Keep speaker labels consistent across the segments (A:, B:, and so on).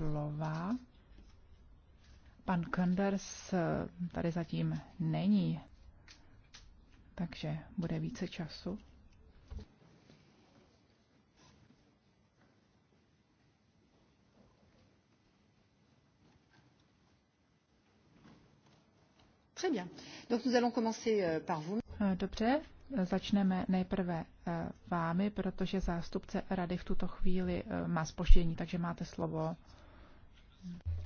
A: slova. Pan Kanders eh, tady zatím není, takže bude více času. Très bien. Euh, eh, dobře, začneme nejprve eh, vámi, protože zástupce rady v tuto chvíli má spoždění, takže máte slovo.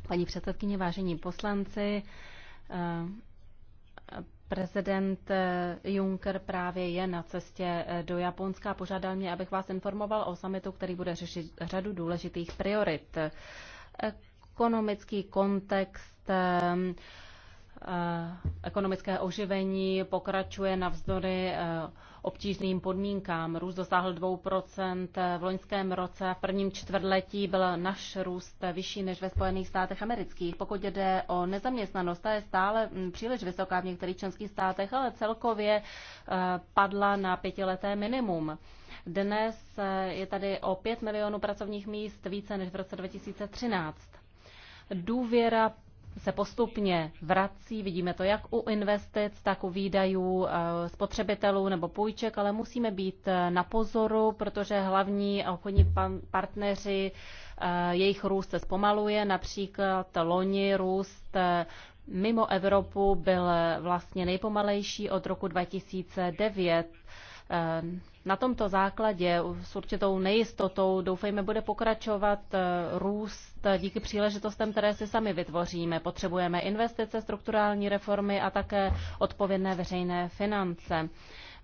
A: Paní předsedkyně, vážení poslanci, eh,
B: Prezident eh, Juncker právě je na cestě eh, do Japonska a požádal mě, abych vás informoval o samitu, který bude řešit řadu důležitých priorit. Ekonomický kontext, Eh, ekonomické oživení pokračuje navzdory eh, obtížným podmínkám. Růst dosáhl 2% v loňském roce. V prvním čtvrtletí byl náš růst vyšší než ve Spojených státech amerických. Pokud jde o nezaměstnanost, ta je stále mm, příliš vysoká v některých členských státech, ale celkově eh, padla na pětileté minimum. Dnes je tady o 5 milionů pracovních míst více než v roce 2013. Důvěra se postupně vrací. Vidíme to jak u investic, tak u výdajů eh, spotřebitelů nebo půjček, ale musíme být eh, na pozoru, protože hlavní obchodní partneři, eh, jejich růst se zpomaluje. Například loni růst mimo Evropu byl vlastně nejpomalejší od roku 2009. Eh, na tomto základě s určitou nejistotou doufejme bude pokračovat eh, růst díky příležitostem, které si sami vytvoříme. Potřebujeme investice, strukturální reformy a také odpovědné veřejné finance.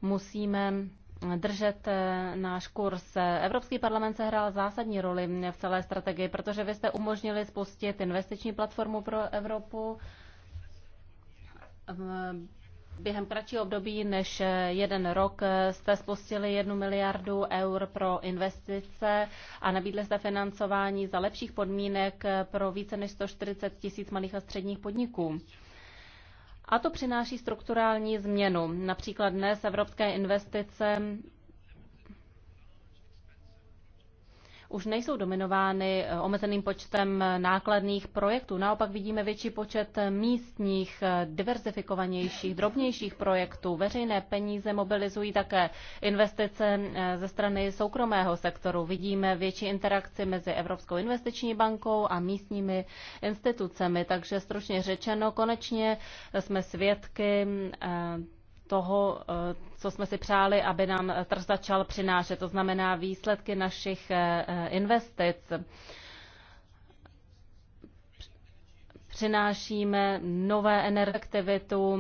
B: Musíme držet eh, náš kurz. Evropský parlament se hrál zásadní roli v celé strategii, protože vy jste umožnili spustit investiční platformu pro Evropu Během kratšího období než eh, jeden rok eh, jste spustili jednu miliardu eur pro investice a nabídli jste financování za lepších podmínek eh, pro více než 140 tisíc malých a středních podniků. A to přináší strukturální změnu. Například dnes evropské investice už nejsou dominovány eh, omezeným počtem eh, nákladných projektů. Naopak vidíme větší počet eh, místních, diverzifikovanějších, drobnějších projektů. Veřejné peníze mobilizují také investice ze strany soukromého sektoru. Vidíme větší interakci mezi Evropskou investiční bankou a místními institucemi. Takže stručně řečeno, konečně jsme svědky toho, eh, co jsme si přáli, aby nám trh začal přinášet, to znamená výsledky našich eh, eh, investic. Přinášíme nové energetivitu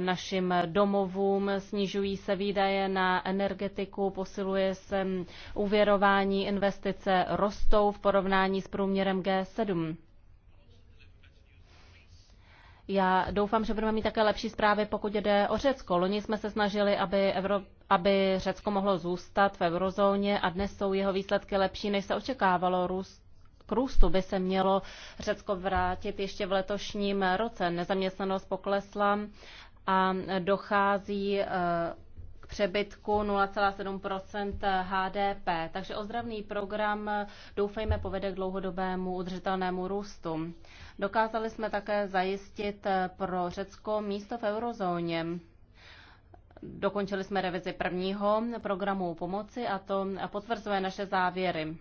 B: našim domovům, snižují se výdaje na energetiku, posiluje se uvěrování, investice rostou v porovnání s průměrem G7. Já doufám, že budeme mít také lepší zprávy, pokud jde o Řecko. Loni jsme se snažili, aby, Evro, aby Řecko mohlo zůstat v eurozóně a dnes jsou jeho výsledky lepší, než se očekávalo. Růst k růstu by se mělo Řecko vrátit ještě v letošním roce. Nezaměstnanost poklesla a dochází eh, k přebytku 0,7 HDP. Takže ozdravný program doufejme povede k dlouhodobému udržitelnému růstu. Dokázali jsme také zajistit eh, pro Řecko místo v eurozóně. Dokončili jsme revizi prvního programu pomoci a to potvrzuje naše závěry.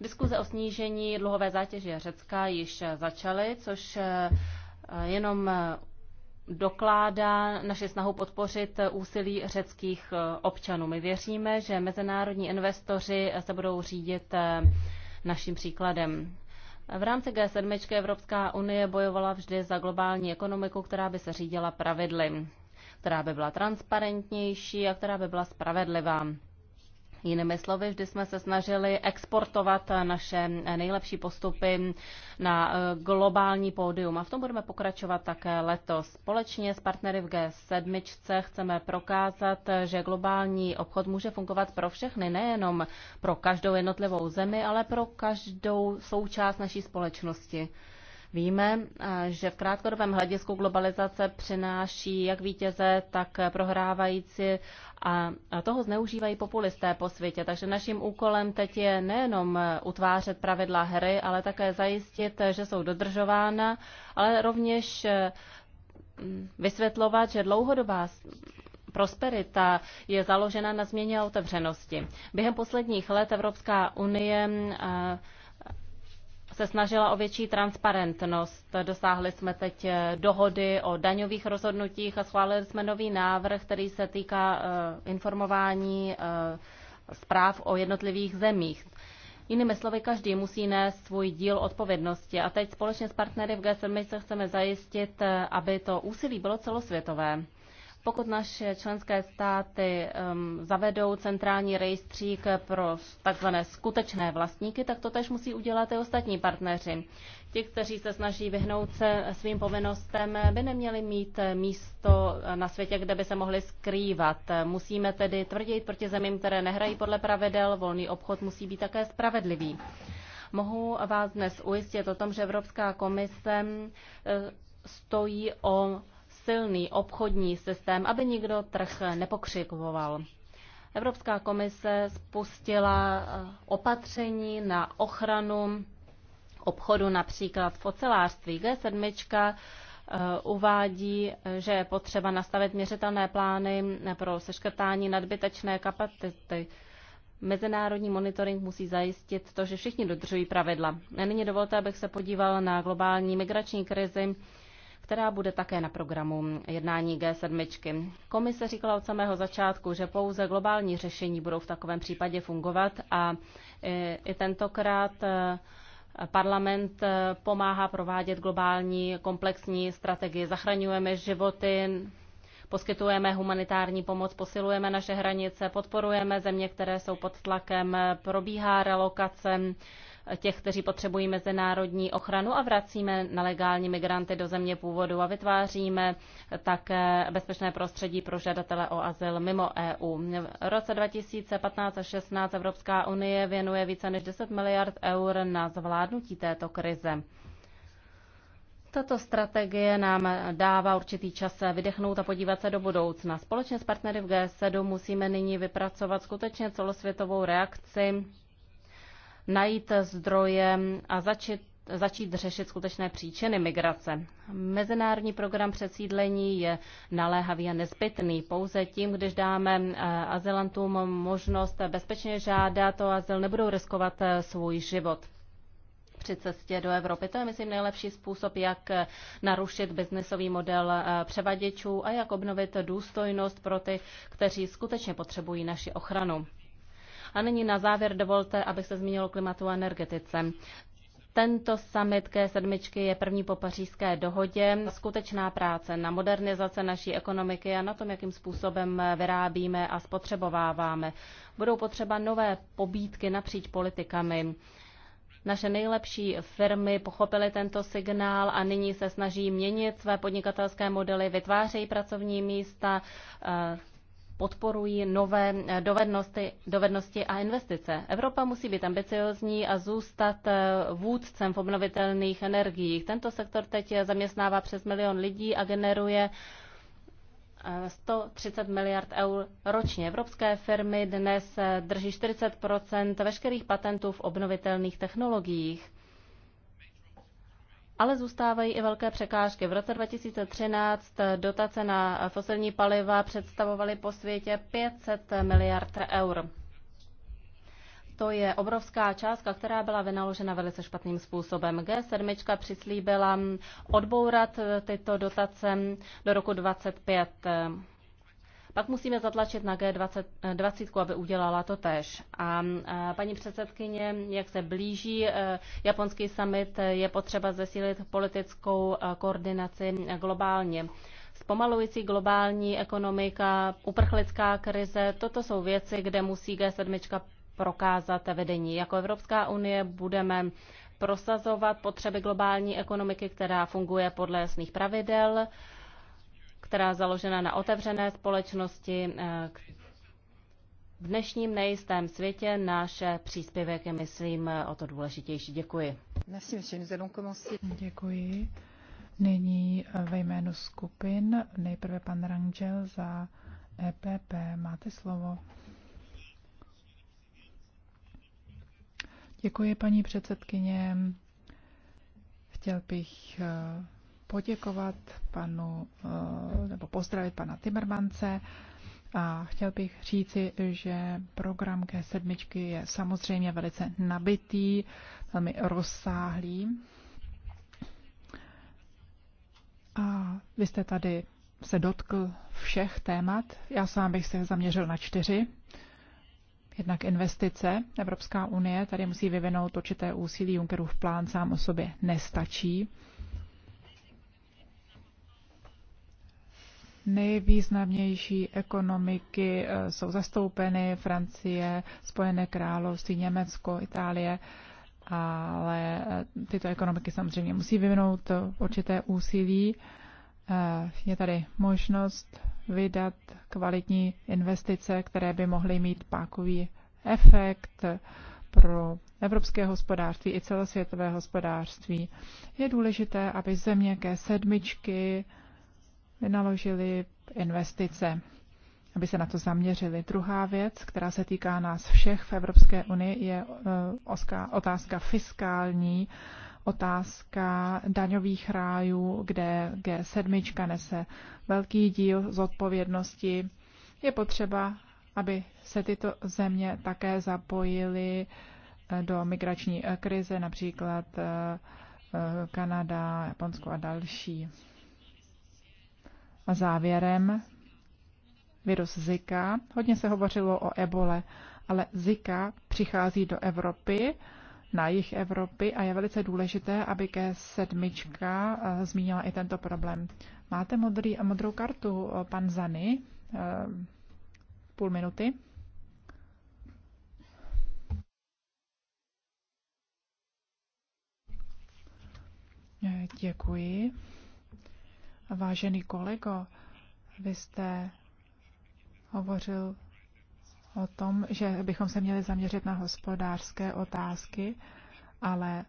B: Diskuze o snížení dluhové zátěže Řecka již eh, začaly, což eh, jenom dokládá naše snahu podpořit úsilí řeckých občanů. My věříme, že mezinárodní investoři se budou řídit naším příkladem. V rámci G7 Evropská unie bojovala vždy za globální ekonomiku, která by se řídila pravidly, která by byla transparentnější a která by byla spravedlivá. Jinými slovy, vždy jsme se snažili exportovat naše nejlepší postupy na eh, globální pódium a v tom budeme pokračovat také letos. Společně s partnery v G7 chceme prokázat, že globální obchod může fungovat pro všechny, nejenom pro každou jednotlivou zemi, ale pro každou součást naší společnosti. Víme, eh, že v krátkodobém hledisku globalizace přináší jak vítěze, tak prohrávající a toho zneužívají populisté po světě. Takže naším úkolem teď je nejenom eh, utvářet pravidla hry, ale také zajistit, eh, že jsou dodržována, ale rovněž vysvětlovat, že dlouhodobá prosperita je založena na změně otevřenosti. Během posledních let Evropská unie se snažila o větší transparentnost. Dosáhli jsme teď eh, dohody o daňových rozhodnutích a schválili jsme nový návrh, který se týká eh, informování eh, zpráv o jednotlivých zemích. Jinými slovy, každý musí nést svůj díl odpovědnosti a teď společně s partnery v G7 se chceme zajistit, aby to úsilí bylo celosvětové. Pokud naše členské státy um, zavedou centrální rejstřík pro takzvané skutečné vlastníky, tak to tež musí udělat i ostatní partneři. Ti, kteří se snaží vyhnout se svým povinnostem, by neměli mít místo na světě, kde by se mohli skrývat. Musíme tedy tvrději proti zemím, které nehrají podle pravidel, volný obchod musí být také spravedlivý. Mohu vás dnes ujistit o tom, že Evropská komise eh, stojí o silný obchodní systém, aby nikdo trh nepokřikoval. Evropská komise spustila eh, opatření na ochranu obchodu například v ocelářství. G7 eh, uvádí, že je potřeba nastavit měřitelné plány pro seškrtání nadbytečné kapacity. Mezinárodní monitoring musí zajistit to, že všichni dodržují pravidla. Nyní dovolte, abych se podíval na globální migrační krizi která bude také na programu jednání G7. Komise říkala od samého začátku, že pouze globální řešení budou v takovém případě fungovat a e, i tentokrát e, parlament e, pomáhá provádět globální komplexní strategii. Zachraňujeme životy, poskytujeme humanitární pomoc, posilujeme naše hranice, podporujeme země, které jsou pod tlakem, probíhá relokace těch, kteří potřebují mezinárodní ochranu a vracíme nelegální migranty do země původu a vytváříme také bezpečné prostředí pro žadatele o azyl mimo EU. V roce 2015 a 16 Evropská unie věnuje více než 10 miliard eur na zvládnutí této krize. Tato strategie nám dává určitý čas vydechnout a podívat se do budoucna. Společně s partnery v G7 musíme nyní vypracovat skutečně celosvětovou reakci najít zdroje a začít začít řešit skutečné příčiny migrace. Mezinárodní program přesídlení je naléhavý a nezbytný. Pouze tím, když dáme eh, azylantům možnost bezpečně žádat o azyl, nebudou riskovat eh, svůj život při cestě do Evropy. To je, myslím, nejlepší způsob, jak eh, narušit biznesový model převaděčů a jak obnovit důstojnost pro ty, kteří skutečně potřebují naši ochranu. A nyní na závěr dovolte, abych se zmínil o klimatu a energetice. Tento summit G7 je první po pařížské dohodě. Skutečná práce na modernizace naší ekonomiky a na tom, jakým způsobem vyrábíme a spotřebováváme. Budou potřeba nové pobídky napříč politikami. Naše nejlepší firmy pochopily tento signál a nyní se snaží měnit své podnikatelské modely, vytvářejí pracovní místa, eh, podporují nové eh, dovednosti, dovednosti a investice. Evropa musí být ambiciozní a zůstat eh, vůdcem v obnovitelných energiích. Tento sektor teď zaměstnává přes milion lidí a generuje 130 eh, miliard eur ročně. Evropské firmy dnes drží 40 veškerých patentů v obnovitelných technologiích ale zůstávají i velké překážky. V roce 2013 dotace na fosilní paliva představovaly po světě 500 miliard eur. To je obrovská částka, která byla vynaložena velice špatným způsobem. G7 přislíbila odbourat tyto dotace do roku 2025. Pak musíme zatlačit na G20, eh, aby udělala to tež. A eh, paní předsedkyně, jak se blíží eh, japonský summit, je potřeba zesílit politickou koordinaci globálně zpomalující globální ekonomika, uprchlická krize, toto jsou věci, kde musí G7 prokázat vedení. Jako Evropská unie budeme prosazovat potřeby globální ekonomiky, která funguje podle jasných pravidel která je založena na otevřené společnosti. Eh, v dnešním nejistém světě Naše příspěvek je, myslím, eh, o to důležitější. Děkuji.
A: Děkuji. Nyní eh, ve jménu skupin nejprve pan Rangel za EPP. Máte slovo. Děkuji, paní předsedkyně. Chtěl bych poděkovat panu, eh, nebo pozdravit pana Timmermance. A chtěl bych říci, že program G7 je samozřejmě velice nabitý, velmi rozsáhlý. A vy jste tady se dotkl všech témat. Já sám bych se zaměřil na čtyři. Jednak investice. Evropská unie tady musí vyvinout určité úsilí. Junckerův plán sám o sobě nestačí. nejvýznamnější ekonomiky eh, jsou zastoupeny Francie, Spojené království, Německo, Itálie, ale eh, tyto ekonomiky samozřejmě musí vyvinout eh, určité úsilí. Je tady možnost vydat kvalitní investice, které by mohly mít pákový efekt pro evropské hospodářství i celosvětové hospodářství. Je důležité, aby země ke sedmičky vynaložili investice, aby se na to zaměřili. Druhá věc, která se týká nás všech v Evropské unii, je eh, otázka fiskální, otázka daňových rájů, kde G7 nese velký díl zodpovědnosti. Je potřeba, aby se tyto země také zapojily eh, do migrační eh, krize, například Kanada, Japonsko a další. A závěrem virus Zika. Hodně se hovořilo o ebole, ale Zika přichází do Evropy, na jih Evropy a je velice důležité, aby ke sedmička eh, zmínila i tento problém. Máte modrý, modrou kartu, eh, pan Zany? Eh, půl minuty. Děkuji. Vážený kolego, vy jste hovořil o tom, že bychom se měli zaměřit na hospodářské otázky, ale e,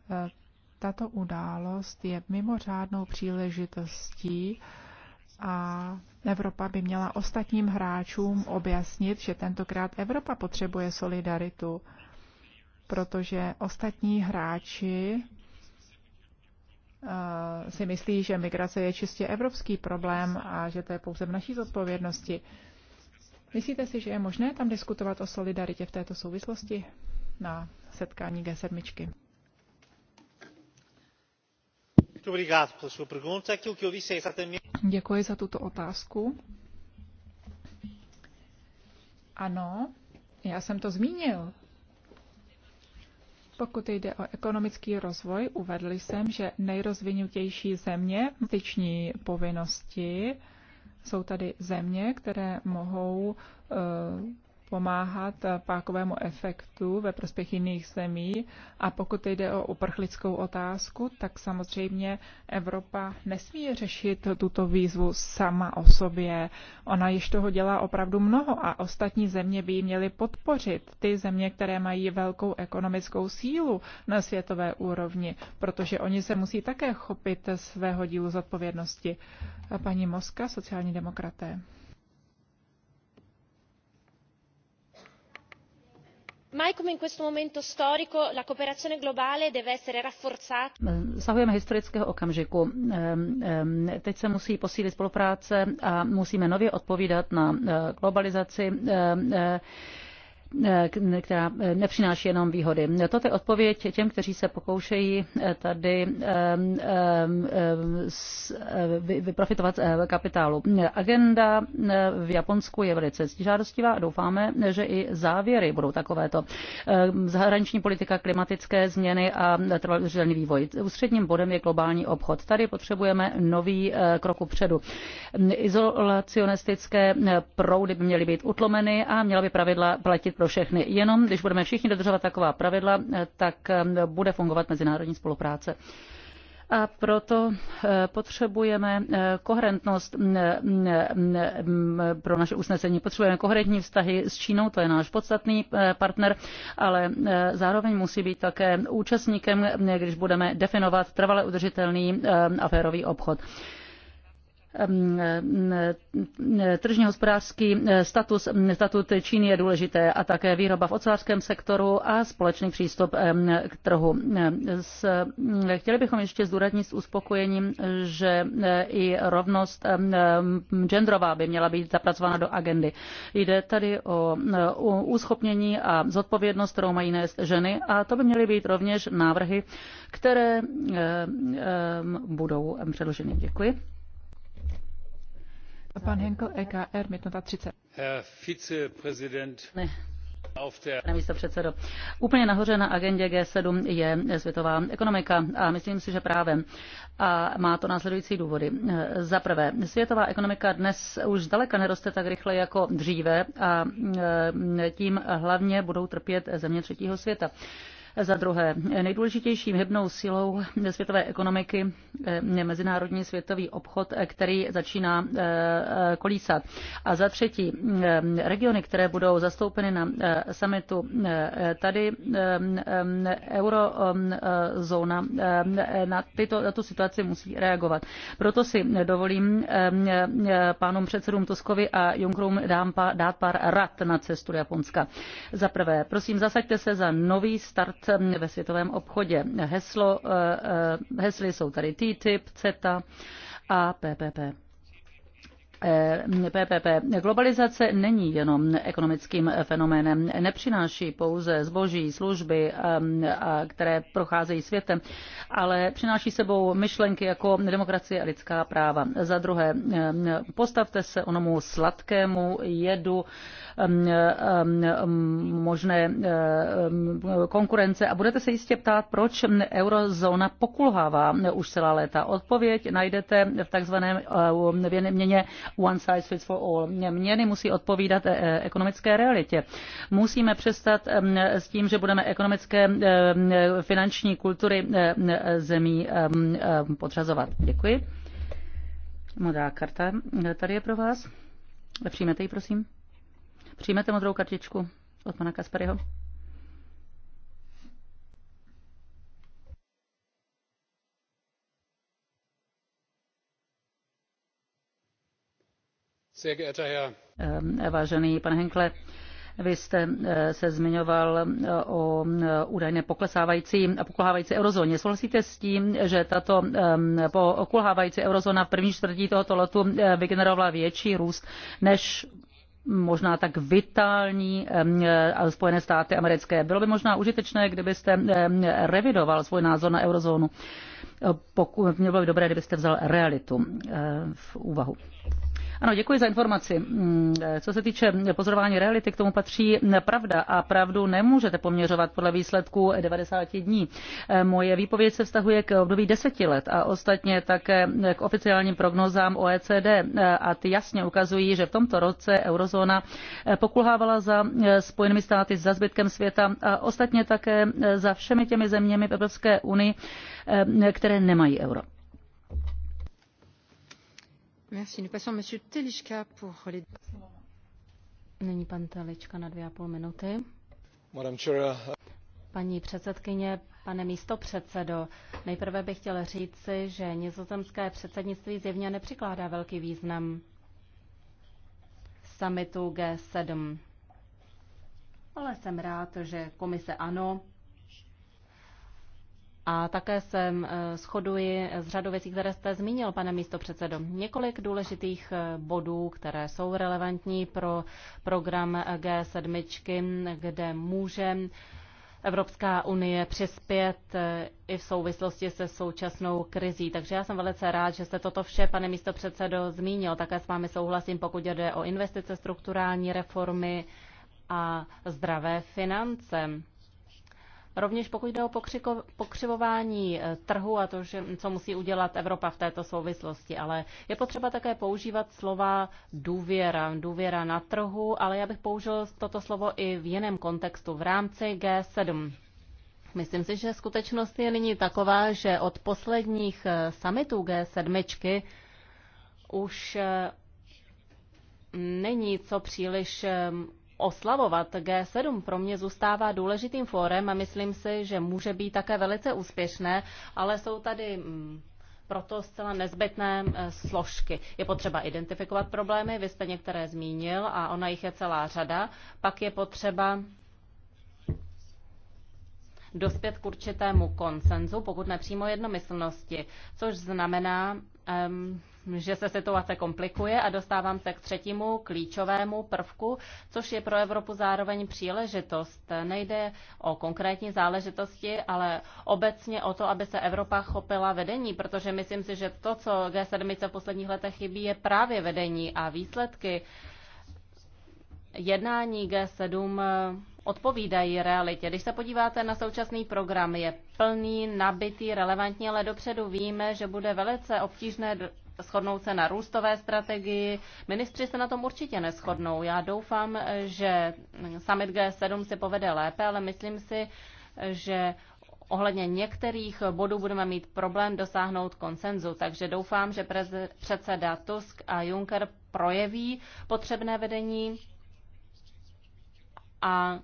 A: tato událost je mimořádnou příležitostí a Evropa by měla ostatním hráčům objasnit, že tentokrát Evropa potřebuje solidaritu, protože ostatní hráči si myslí, že migrace je čistě evropský problém a že to je pouze v naší zodpovědnosti. Myslíte si, že je možné tam diskutovat o solidaritě v této souvislosti na setkání G7? Děkuji za tuto otázku. Ano, já jsem to zmínil pokud jde o ekonomický rozvoj, uvedl jsem, že nejrozvinutější země styční povinnosti jsou tady země, které mohou eh, pomáhat eh, pákovému efektu ve prospěch jiných zemí. A pokud jde o uprchlickou otázku, tak samozřejmě Evropa nesmí řešit tuto výzvu sama o sobě. Ona již toho dělá opravdu mnoho a ostatní země by ji měly podpořit. Ty země, které mají velkou ekonomickou sílu na světové úrovni, protože oni se musí také chopit svého dílu zodpovědnosti. Paní Moska, sociální demokraté.
B: Mai come in questo momento storico la cooperazione globale deve essere rafforzata.
A: Ehm, zahujeme
C: historického okamžiku. Ehm, ehm, teď se musí posílit spolupráce a musíme nově odpovídat na eh, globalizaci eh, Eh, která nepřináší jenom výhody. To je odpověď těm, kteří se pokoušejí eh, tady eh, vyprofitovat kapitálu. Agenda v Japonsku je velice žádostivá a doufáme, že i závěry budou takovéto. Zahraniční politika, klimatické změny a trvalý vývoj. Ústředním bodem je globální obchod. Tady potřebujeme nový krok předu. Izolacionistické proudy by měly být utlomeny a měla by pravidla platit pro pro všechny. Jenom když budeme všichni dodržovat taková pravidla, eh, tak eh, bude fungovat mezinárodní spolupráce a proto eh, potřebujeme koherentnost mm, mm, mm, pro naše usnesení. Potřebujeme koherentní vztahy s Čínou, to je náš podstatný partner, ale zároveň musí být také účastníkem, když budeme definovat trvale udržitelný a obchod tržně hospodářský status, statut Číny je důležité a také výroba v ocelářském sektoru a společný přístup k trhu. S, chtěli bychom ještě zdůraznit s uspokojením, že i rovnost genderová by měla být zapracována do agendy. Jde tady o uschopnění a zodpovědnost, kterou mají nést ženy a to by měly být rovněž návrhy, které budou předloženy. Děkuji. Pan Henkel, EKR, 30.
D: Herr Ne. Pane místo
C: předsedo, úplně nahoře na agendě G7 je světová ekonomika a myslím si, že právě a má to následující důvody. Za prvé, světová ekonomika dnes už daleka neroste tak rychle jako dříve a e, tím hlavně budou trpět země třetího světa. Za druhé, nejdůležitějším hybnou silou světové ekonomiky eh, je mezinárodní světový obchod, eh, který začíná eh, kolísat. A za třetí, regiony, které budou zastoupeny na summitu tady eurozóna na, tyto, na tu situaci musí reagovat. Proto si dovolím pánům předsedům Toskovi a Junkrům dám pár, dát pár rad na cestu Japonska. Za prvé, prosím, zasaďte se za nový start Eh, ve světovém obchodě. Heslo, eh, eh, hesly jsou tady TTIP, CETA a PPP. PPP. Globalizace není jenom ekonomickým fenoménem. Nepřináší pouze zboží, služby, které procházejí světem, ale přináší sebou myšlenky jako demokracie a lidská práva. Za druhé, postavte se onomu sladkému jedu Um, um, možné um, konkurence a budete se jistě ptát, proč eurozóna pokulhává už celá léta. Odpověď najdete v takzvaném uh, měně one size fits for all. Měny musí odpovídat eh, eh, ekonomické realitě. Musíme přestat s tím, že budeme ekonomické eh, finanční kultury zemí podřazovat. Děkuji. Modrá karta tady je pro vás. Přijmete ji, prosím. Přijmete modrou kartičku od pana Kasparyho? Ehm, vážený pane Henkle, vy jste eh, se zmiňoval eh, o eh, údajně poklesávající a pokulhávající eurozóně. Souhlasíte s tím, že tato ehm, pokulhávající eurozóna v první čtvrtí tohoto letu vygenerovala větší růst než možná tak vitální eh, Spojené státy americké. Bylo by možná užitečné, kdybyste revidoval svůj názor na eurozónu. Eh, Pokud, mělo by dobré, kdybyste vzal realitu eh, v úvahu. Ano, děkuji za informaci. Mm, co se týče pozorování reality, k tomu patří pravda a pravdu nemůžete poměřovat podle výsledků 90 dní. Eh, moje výpověď se vztahuje k období 10 let a ostatně také k oficiálním prognozám OECD eh, a ty jasně ukazují, že v tomto roce eurozóna eh, pokulhávala za Spojenými státy za zbytkem světa a ostatně také za všemi těmi zeměmi v Evropské unii, které nemají euro.
E: Merci. Nous passons Monsieur Telička
B: pour les... pan Telička na dvě a půl minuty. Uh, Paní předsedkyně, pane místopředsedo, nejprve bych chtěl říci, že nizozemské předsednictví zjevně nepřikládá velký význam summitu G7. Ale jsem rád, že komise ano, a také se eh, shoduji s řadou věcí, které jste zmínil, pane předsedo. Několik důležitých eh, bodů, které jsou relevantní pro program G7, kde může Evropská unie přispět eh, i v souvislosti se současnou krizí. Takže já jsem velice rád, že jste toto vše, pane předsedo, zmínil. Také s vámi souhlasím, pokud jde o investice, strukturální reformy a zdravé finance. Rovněž pokud jde o pokřiko, pokřivování eh, trhu a to, že, co musí udělat Evropa v této souvislosti, ale je potřeba také používat slova důvěra, důvěra na trhu, ale já bych použil toto slovo i v jiném kontextu, v rámci G7. Myslím si, že skutečnost je nyní taková, že od posledních eh, summitů G7 už eh, není co příliš oslavovat G7 pro mě zůstává důležitým fórem a myslím si, že může být také velice úspěšné, ale jsou tady mm, proto zcela nezbytné eh, složky. Je potřeba identifikovat problémy, vy jste některé zmínil a ona jich je celá řada. Pak je potřeba dospět k určitému konsenzu, pokud nepřímo jednomyslnosti, což znamená um, že se situace komplikuje a dostávám se k třetímu klíčovému prvku, což je pro Evropu zároveň příležitost. Nejde o konkrétní záležitosti, ale obecně o to, aby se Evropa chopila vedení, protože myslím si, že to, co G7 v posledních letech chybí, je právě vedení a výsledky jednání G7 odpovídají realitě. Když se podíváte na současný program, je plný, nabitý relevantní, ale dopředu víme, že bude velice obtížné shodnout se na růstové strategii. Ministři se na tom určitě neschodnou. Já doufám, že summit G7 si povede lépe, ale myslím si, že ohledně některých bodů budeme mít problém dosáhnout konsenzu, takže doufám, že předseda Tusk a Juncker projeví potřebné vedení a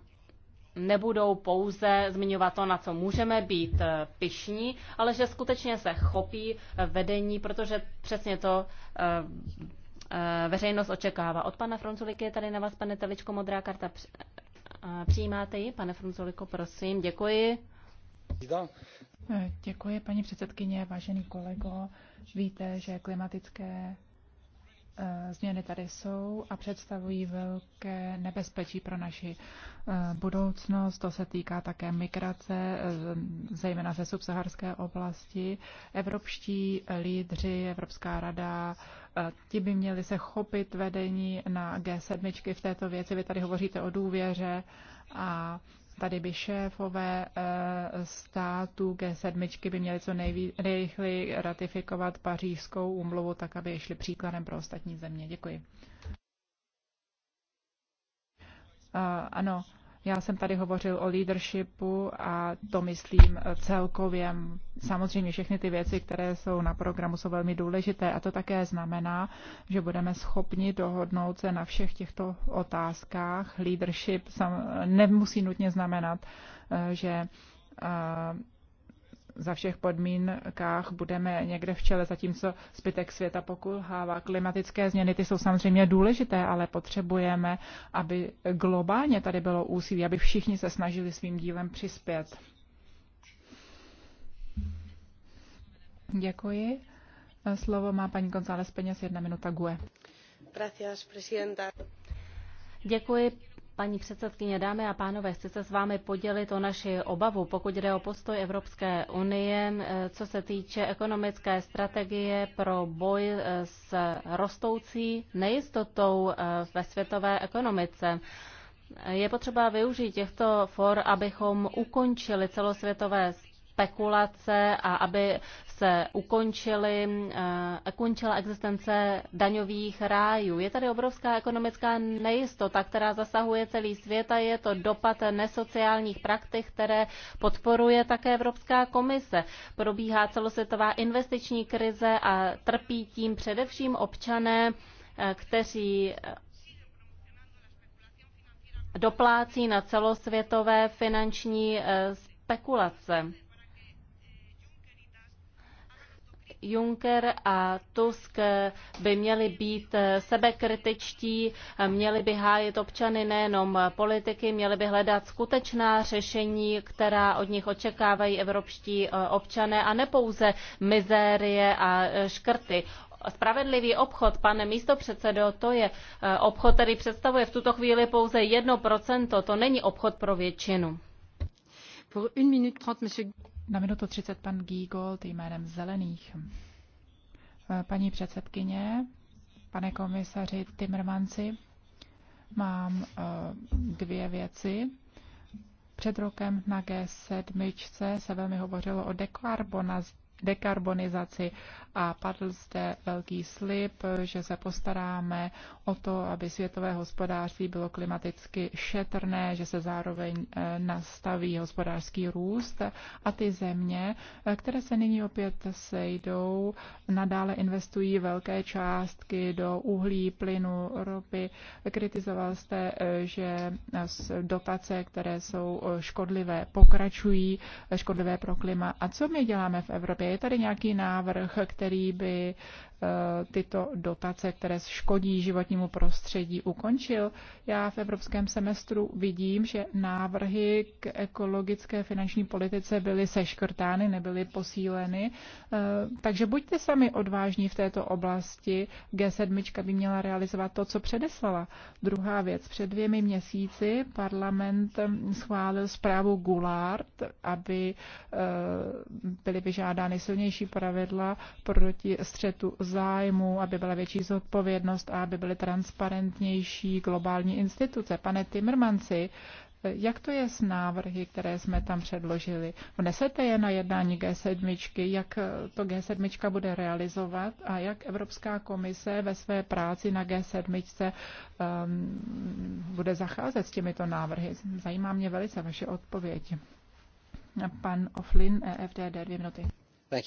B: nebudou pouze zmiňovat to, na co můžeme být eh, pišní, ale že skutečně se chopí eh, vedení, protože přesně to eh, veřejnost očekává. Od pana Fronzuliky je tady na vás, pane Teličko, modrá karta. Přijímáte ji, pane Fronzuliko, prosím. Děkuji.
A: Děkuji, paní předsedkyně, vážený kolego. Víte, že klimatické Eh, změny tady jsou a představují velké nebezpečí pro naši eh, budoucnost. To se týká také migrace, eh, zejména ze subsaharské oblasti. Evropští lídři, Evropská rada, ti by měli se chopit vedení na G7 v této věci. Vy tady hovoříte o důvěře a Tady by šéfové eh, států G7 by měli co nejrychleji ratifikovat pařížskou umluvu, tak aby šli příkladem pro ostatní země. Děkuji. Eh, ano, já jsem tady hovořil o leadershipu a to myslím celkově. Samozřejmě všechny ty věci, které jsou na programu, jsou velmi důležité a to také znamená, že budeme schopni dohodnout se na všech těchto otázkách. Leadership nemusí nutně znamenat, eh, že eh, za všech podmínkách budeme někde v čele, zatímco zbytek světa pokulhává. Klimatické změny ty jsou samozřejmě důležité, ale potřebujeme, aby globálně tady bylo úsilí, aby všichni se snažili svým dílem přispět. Děkuji. Slovo má paní González Peněz, jedna minuta GUE.
F: Gracias,
B: presidenta. Děkuji, Paní předsedkyně, dámy a pánové, chci se s vámi podělit o naši obavu, pokud jde o postoj Evropské unie, eh, co se týče ekonomické strategie pro boj eh, s rostoucí nejistotou eh, ve světové ekonomice. Je potřeba využít těchto for, abychom ukončili celosvětové spekulace a aby se ukončily, eh, ukončila existence daňových rájů. Je tady obrovská ekonomická nejistota, která zasahuje celý svět a je to dopad nesociálních praktik, které podporuje také Evropská komise. Probíhá celosvětová investiční krize a trpí tím především občané, eh, kteří eh, doplácí na celosvětové finanční spekulace. Juncker a Tusk by měli být sebekritičtí, měli by hájit občany nejenom politiky, měli by hledat skutečná řešení, která od nich očekávají evropští eh, občané a nepouze mizérie a škrty spravedlivý obchod, pane místopředsedo, to je eh, obchod, který představuje v tuto chvíli pouze 1%, to není obchod pro většinu.
A: Pour une minute 30, monsieur... Na minutu 30 pan Giegold jménem Zelených. Eh, paní předsedkyně, pane komisaři Timmermansi, mám eh, dvě věci. Před rokem na G7 se velmi hovořilo o dekarbonizaci a padl zde velký slib, že se postaráme o to, aby světové hospodářství bylo klimaticky šetrné, že se zároveň eh, nastaví hospodářský růst a ty země, eh, které se nyní opět sejdou, nadále investují velké částky do uhlí, plynu, ropy. Kritizoval jste, eh, že dotace, které jsou škodlivé, pokračují, škodlivé pro klima. A co my děláme v Evropě? Je tady nějaký návrh, který by Eh, tyto dotace, které škodí životnímu prostředí, ukončil. Já v evropském semestru vidím, že návrhy k ekologické finanční politice byly seškrtány, nebyly posíleny. Eh, takže buďte sami odvážní v této oblasti. G7 by měla realizovat to, co předeslala. Druhá věc. Před dvěmi měsíci parlament schválil zprávu Goulart, aby eh, byly vyžádány silnější pravidla proti střetu zájmu, aby byla větší zodpovědnost a aby byly transparentnější globální instituce. Pane Timmermansi, jak to je s návrhy, které jsme tam předložili? Vnesete je na jednání G7, jak to G7 bude realizovat a jak Evropská komise ve své práci na G7 um, bude zacházet s těmito návrhy? Zajímá mě velice vaše odpověď. Pan Oflin, EFDD, dvě minuty.
D: Uh,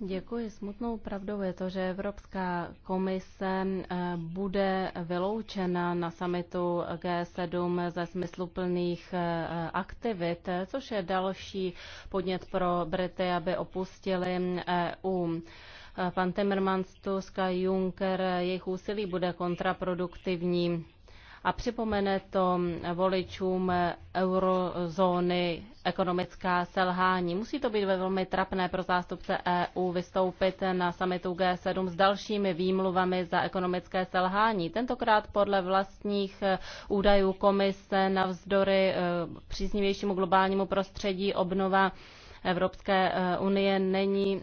B: Děkuji. Smutnou pravdou je to, že Evropská komise eh, bude vyloučena na samitu G7 ze smysluplných eh, aktivit, což je další podnět pro Brity, aby opustili EU. Eh, pan Timmermans, Tusk a Juncker, jejich úsilí bude kontraproduktivní a připomene to voličům eurozóny ekonomická selhání. Musí to být velmi trapné pro zástupce EU vystoupit na samitu G7 s dalšími výmluvami za ekonomické selhání. Tentokrát podle vlastních eh, údajů komise navzdory eh, příznivějšímu globálnímu prostředí obnova Evropské eh, unie není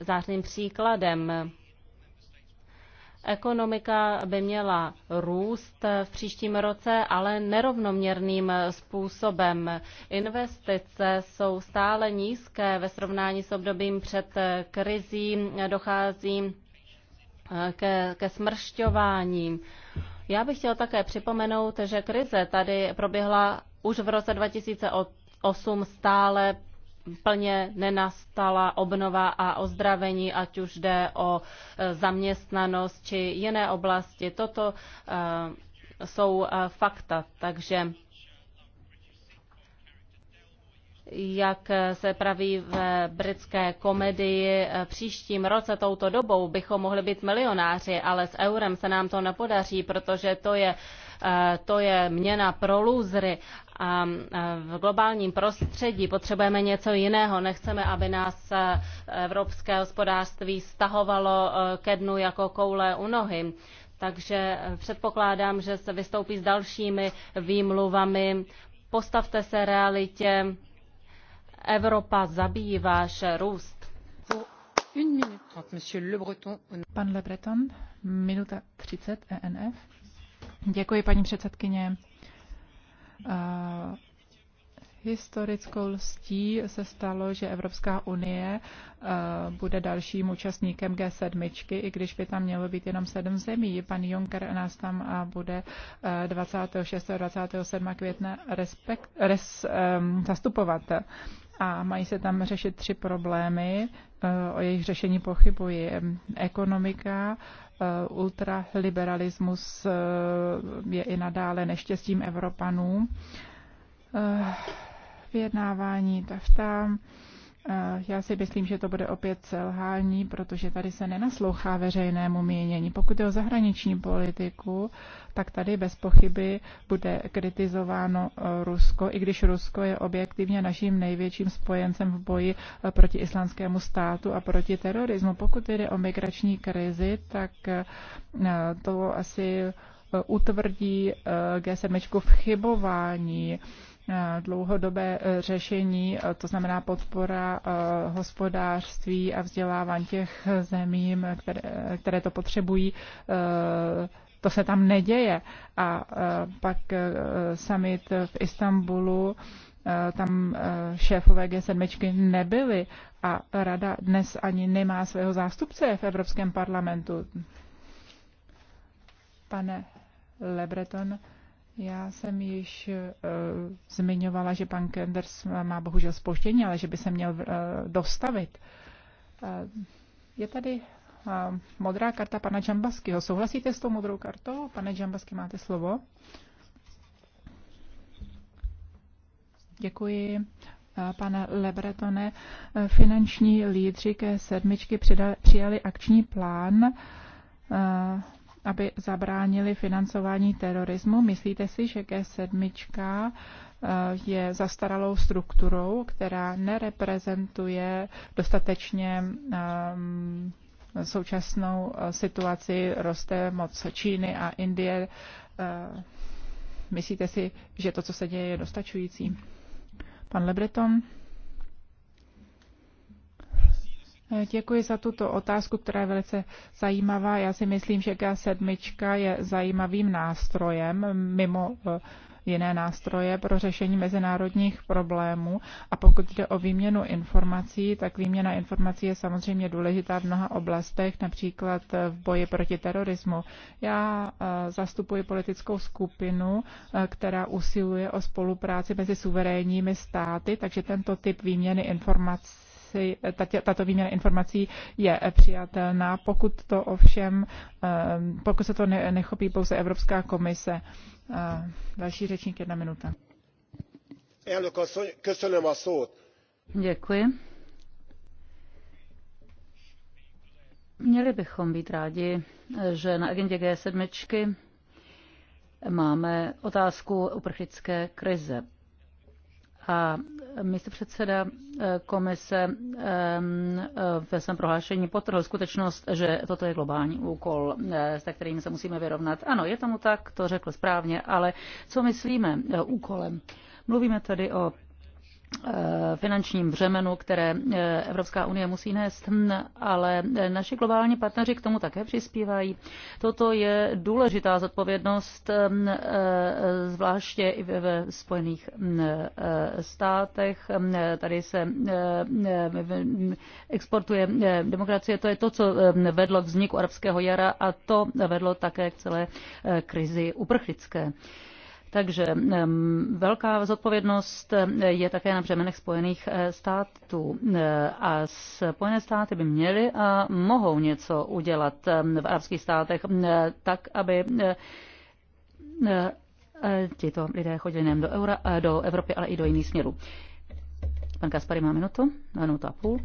B: zářným příkladem. Ekonomika by měla růst v příštím roce, ale nerovnoměrným způsobem. Investice jsou stále nízké ve srovnání s obdobím před krizí, dochází eh, ke, ke smršťování. Já bych chtěl také připomenout, že krize tady proběhla už v roce 2008 stále plně nenastala obnova a ozdravení, ať už jde o e, zaměstnanost či jiné oblasti. Toto e, jsou e, fakta. Takže jak se praví v britské komedii, příštím roce touto dobou bychom mohli být milionáři, ale s eurem se nám to nepodaří, protože to je to je měna pro lůzry a v globálním prostředí potřebujeme něco jiného. Nechceme, aby nás e, evropské hospodářství stahovalo e, ke dnu jako koule u nohy. Takže e, předpokládám, že se vystoupí s dalšími výmluvami. Postavte se realitě. Evropa zabíjí váš
A: růst. Pan Le Breton, minuta 30 ENF. Děkuji, paní předsedkyně historickou lstí se stalo, že Evropská unie e, bude dalším účastníkem G7, i když by tam mělo být jenom sedm zemí. Pan Juncker nás tam e, bude 26. E, a 27. května respekt, res, zastupovat. A mají se tam řešit tři problémy, o jejich řešení pochybuji. Ekonomika, Eh, ultraliberalismus eh, je i nadále neštěstím Evropanů. Eh, vyjednávání TAFTA já si myslím, že to bude opět selhání, protože tady se nenaslouchá veřejnému mínění. Pokud je o zahraniční politiku, tak tady bez pochyby bude kritizováno eh, Rusko, i když Rusko je objektivně naším největším spojencem v boji eh, proti islámskému státu a proti terorismu. Pokud jde o migrační krizi, tak eh, to asi utvrdí G7 v chybování. Eh, dlouhodobé eh, řešení, eh, to znamená podpora hospodářství a vzdělávání těch zemí, které, které to potřebují, to se tam neděje. A pak summit v Istanbulu, tam šéfové G7 nebyli a rada dnes ani nemá svého zástupce v Evropském parlamentu. Pane Lebreton, já jsem již uh, zmiňovala, že pan Kenders má bohužel spoštění, ale že by se měl uh, dostavit. Uh, je tady uh, modrá karta pana Džambaskyho. Souhlasíte s tou modrou kartou? Pane Džambasky, máte slovo. Děkuji. Pane Lebretone, finanční lídři ke sedmičky přijali akční plán aby zabránili financování terorismu. Myslíte si, že G7 eh, je zastaralou strukturou, která nereprezentuje dostatečně eh, současnou eh, situaci, roste moc Číny a Indie. Myslíte si, že to, co se děje, je dostačující? Pan Lebreton. Děkuji za tuto otázku, která je velice zajímavá. Já si myslím, že G7 je zajímavým nástrojem mimo e, jiné nástroje pro řešení mezinárodních problémů. A pokud jde o výměnu informací, tak výměna informací je samozřejmě důležitá v mnoha oblastech, například v boji proti terorismu. Já e, zastupuji politickou skupinu, e, která usiluje o spolupráci mezi suverénními státy, takže tento typ výměny informací informaci, tato výměna informací je přijatelná, pokud to ovšem, eh, pokud se to nechopí pouze Evropská komise. Eh, další řečník, jedna minuta. Děkuji.
C: Měli bychom být rádi, že na agendě G7 máme otázku uprchlické krize a předseda eh, komise eh, eh, ve svém prohlášení potrhl skutečnost, že toto je globální úkol, se kterým se musíme vyrovnat. Ano, je tomu tak, to řekl správně, ale co myslíme úkolem? Mluvíme tady o Eh, finančním břemenu, které eh, Evropská unie musí nést, hm, ale eh, naši globální partneři k tomu také přispívají. Toto je důležitá zodpovědnost, hm, zvláště i ve Spojených hm, státech. Tady se exportuje demokracie. To je to, co vedlo k vzniku arabského jara a to vedlo také k celé krizi uprchlické. Takže velká zodpovědnost je také na břemenech Spojených eh, států eh, a Spojené státy by měly a mohou něco udělat v arabských státech eh, tak, aby tito lidé chodili nejen do, Euro, do Evropy, ale i do jiných směrů. Pan Kaspary má minutu, minutu a půl.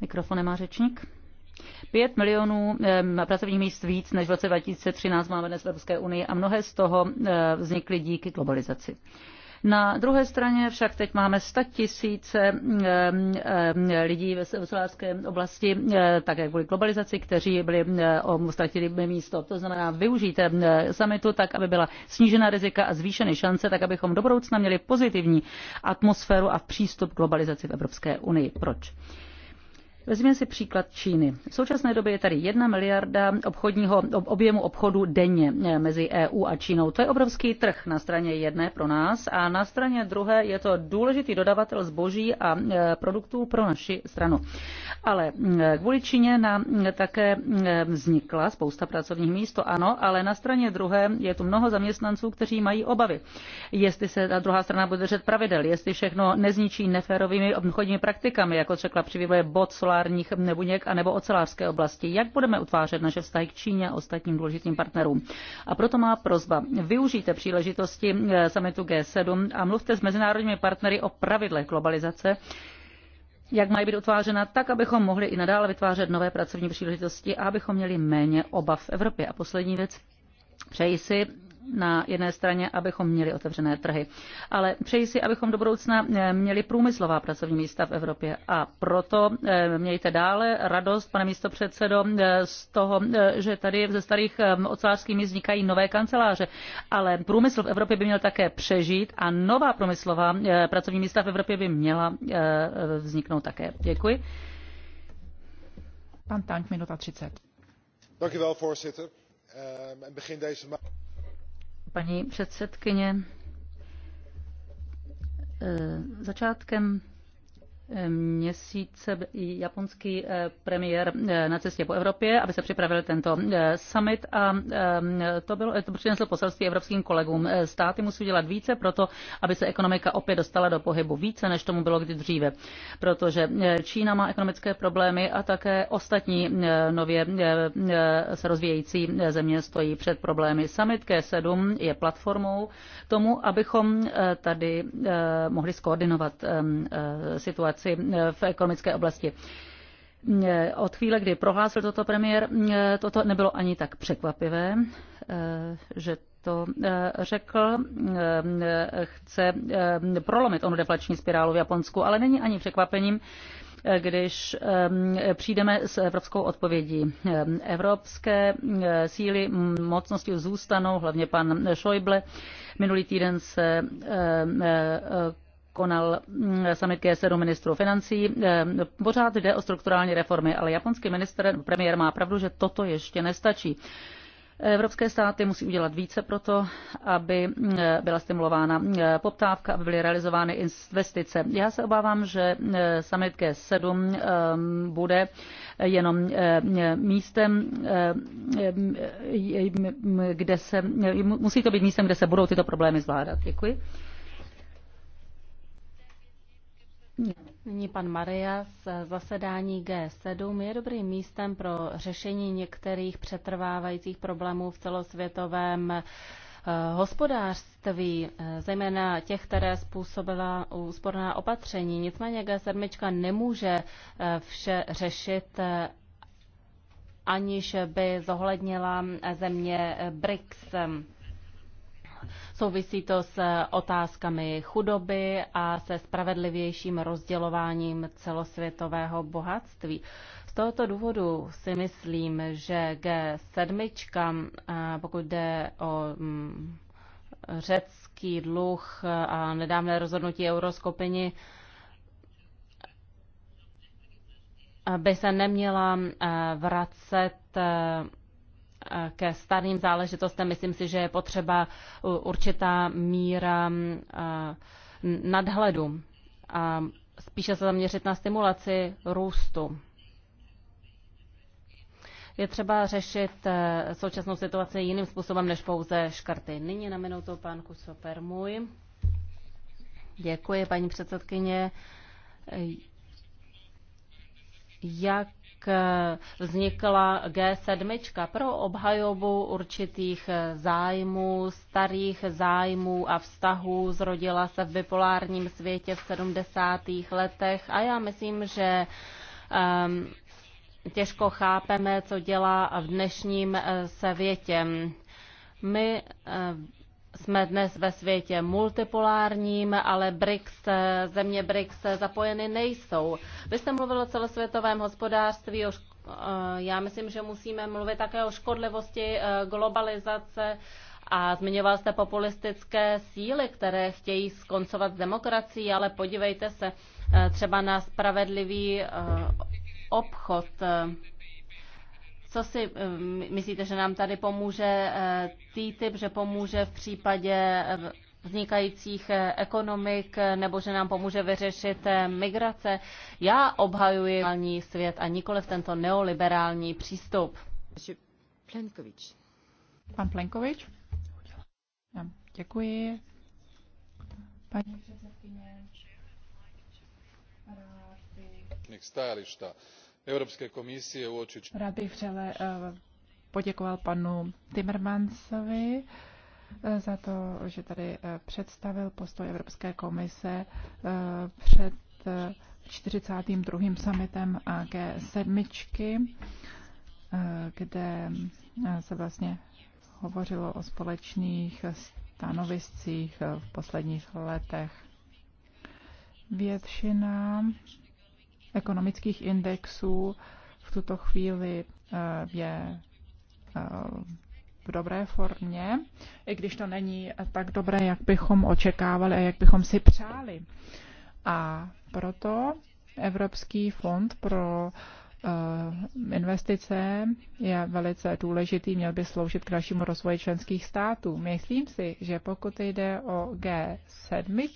C: Mikrofon nemá řečník. 5 milionů pracovních míst víc než v roce 2013 máme dnes v Evropské unii a mnohé z toho vznikly díky globalizaci. Na druhé straně však teď máme 100 tisíce lidí ve hospodářské oblasti, také kvůli globalizaci, kteří byli ztratili místo. To znamená, využijte samitu tak, aby byla snížena rizika a zvýšeny šance, tak abychom do budoucna měli pozitivní atmosféru a přístup k globalizaci v Evropské unii. Proč? Vezměme si příklad Číny. V současné době je tady jedna miliarda obchodního objemu obchodu denně eh, mezi EU a Čínou. To je obrovský trh na straně jedné pro nás a na straně druhé je to důležitý dodavatel zboží a eh, produktů pro naši stranu. Ale eh, kvůli Číně nám také vznikla spousta pracovních míst, to ano, ale na straně druhé je tu mnoho zaměstnanců, kteří mají obavy, jestli se ta druhá strana bude držet pravidel, jestli všechno nezničí neférovými obchodními praktikami, jako řekla při vývoje Botswana solárních nebuněk a nebo ocelářské oblasti. Jak budeme utvářet naše vztahy k Číně a ostatním důležitým partnerům? A proto má prozba. Využijte příležitosti eh, summitu G7 a mluvte s mezinárodními partnery o pravidlech globalizace, jak mají být utvářena tak, abychom mohli i nadále vytvářet nové pracovní příležitosti a abychom měli méně obav v Evropě. A poslední věc. Přeji si, na jedné straně, abychom měli otevřené trhy. Ale přeji si, abychom do budoucna eh, měli průmyslová pracovní místa v Evropě. A proto eh, mějte dále radost, pane místopředsedo, eh, z toho, že tady ze starých ocelářských míst vznikají nové kanceláře. Ale průmysl v Evropě by měl také přežít a nová průmyslová pracovní místa v Evropě by měla vzniknout také. Děkuji. Pan Tank, minuta 30.
D: Dank u wel, voorzitter. Uh, begin deze maand
C: paní předsedkyně. Eh, začátkem měsíce japonský eh, premiér eh, na cestě po Evropě, aby se připravil tento eh, summit a to, bylo, to přineslo poselství evropským kolegům. Státy musí dělat více proto, aby se ekonomika opět dostala do pohybu více, než tomu bylo kdy dříve, protože Čína má ekonomické problémy a také ostatní nově se rozvíjející země stojí před problémy. Summit k 7 je platformou tomu, abychom tady mohli skoordinovat situaci spolupráci eh, v ekonomické oblasti. Eh, od chvíle, kdy prohlásil toto premiér, eh, toto nebylo ani tak překvapivé, že to řekl, chce prolomit onu deflační spirálu v Japonsku, ale není ani překvapením, když přijdeme s evropskou odpovědí. Evropské síly mocnosti zůstanou, hlavně pan Schäuble. Minulý týden se konal mm, summit G7 ministrů financí. Eh, pořád jde o strukturální reformy, ale japonský minister, premiér má pravdu, že toto ještě nestačí. Evropské státy musí udělat více pro to, aby eh, byla stimulována eh, poptávka, aby byly realizovány investice. Já se obávám, že summit G7 bude jenom místem, kde se, musí to být místem, kde se budou tyto problémy zvládat. Děkuji.
B: Nyní pan Maria z zasedání G7 je dobrým místem pro řešení některých přetrvávajících problémů v celosvětovém eh, hospodářství, eh, zejména těch, které způsobila úsporná opatření. Nicméně G7 nemůže eh, vše řešit aniž by zohlednila země BRICS. Souvisí to s otázkami chudoby a se spravedlivějším rozdělováním celosvětového bohatství. Z tohoto důvodu si myslím, že G7, eh, pokud jde o mm, řecký dluh a nedávné rozhodnutí euroskopiny, eh, by se neměla eh, vracet ke starým záležitostem. Myslím si, že je potřeba uh, určitá míra uh, nadhledu a spíše se zaměřit na stimulaci růstu. Je třeba řešit uh, současnou situaci jiným způsobem než pouze škrty. Nyní na minutu pan Kusoper můj. Děkuji, paní předsedkyně. Jak Eh, vznikla G7 pro obhajobu určitých eh, zájmů, starých zájmů a vztahů. Zrodila se v bipolárním světě v 70. letech a já myslím, že um, těžko chápeme, co dělá v dnešním eh, světě. My jsme dnes ve světě multipolárním, ale BRICS, země BRICS zapojeny nejsou. Vy jste mluvil o celosvětovém hospodářství, o eh, já myslím, že musíme mluvit také o škodlivosti eh, globalizace a zmiňoval jste populistické síly, které chtějí skoncovat s demokracií, ale podívejte se eh, třeba na spravedlivý obchod. Co si eh, myslíte, že nám tady pomůže eh, TTIP, že pomůže v případě eh, vznikajících ekonomik, nebo že nám pomůže vyřešit migrace? Já obhajuji svět a nikoli v tento neoliberální přístup.
A: Plenkovič. Pan Plenkovič? Děkuji. Paní předsedkyně,
B: Evropské komisie uoči... Rád bych vřele
A: eh, poděkoval panu Timmermansovi eh, za to, že tady eh, představil postoj Evropské komise před 42. summitem g 7 kde se vlastně hovořilo o společných stanoviscích v posledních letech. Většina ekonomických indexů v tuto chvíli eh, je eh, v dobré formě, i když to není tak dobré, jak bychom očekávali a jak bychom si přáli. A proto Evropský fond pro eh, investice je velice důležitý, měl by sloužit k dalšímu rozvoji členských států. Myslím si, že pokud jde o G7,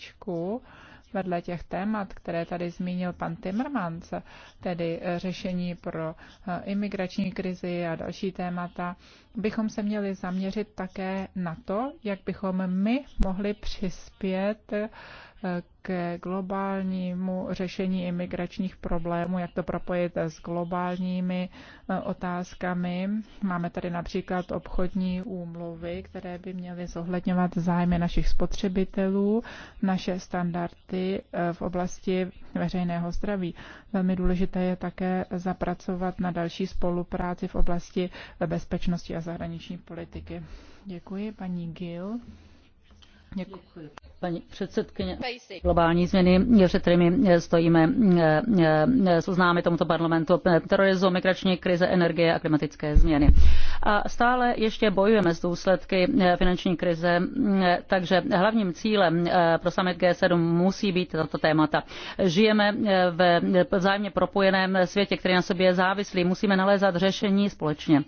A: vedle těch témat, které tady zmínil pan Timmermans, tedy eh, řešení pro eh, imigrační krizi a další témata, bychom se měli zaměřit také na to, jak bychom my mohli přispět k globálnímu řešení imigračních problémů, jak to propojit s globálními eh, otázkami. Máme tady například obchodní úmluvy, které by měly zohledňovat zájmy našich spotřebitelů, naše standardy eh, v oblasti veřejného zdraví. Velmi důležité je také zapracovat na další spolupráci v oblasti bezpečnosti a zahraniční politiky. Děkuji, paní Gill. Děkuji. Paní předsedkyně
C: globální změny, před kterými eh, stojíme, eh, eh, jsou známy tomuto parlamentu terorismu, migrační krize, energie a klimatické změny. A stále ještě bojujeme s důsledky finanční krize, takže hlavním cílem pro summit G7 musí být tato témata. Žijeme ve vzájemně propojeném světě, který na sobě je závislý. Musíme nalézat řešení společně.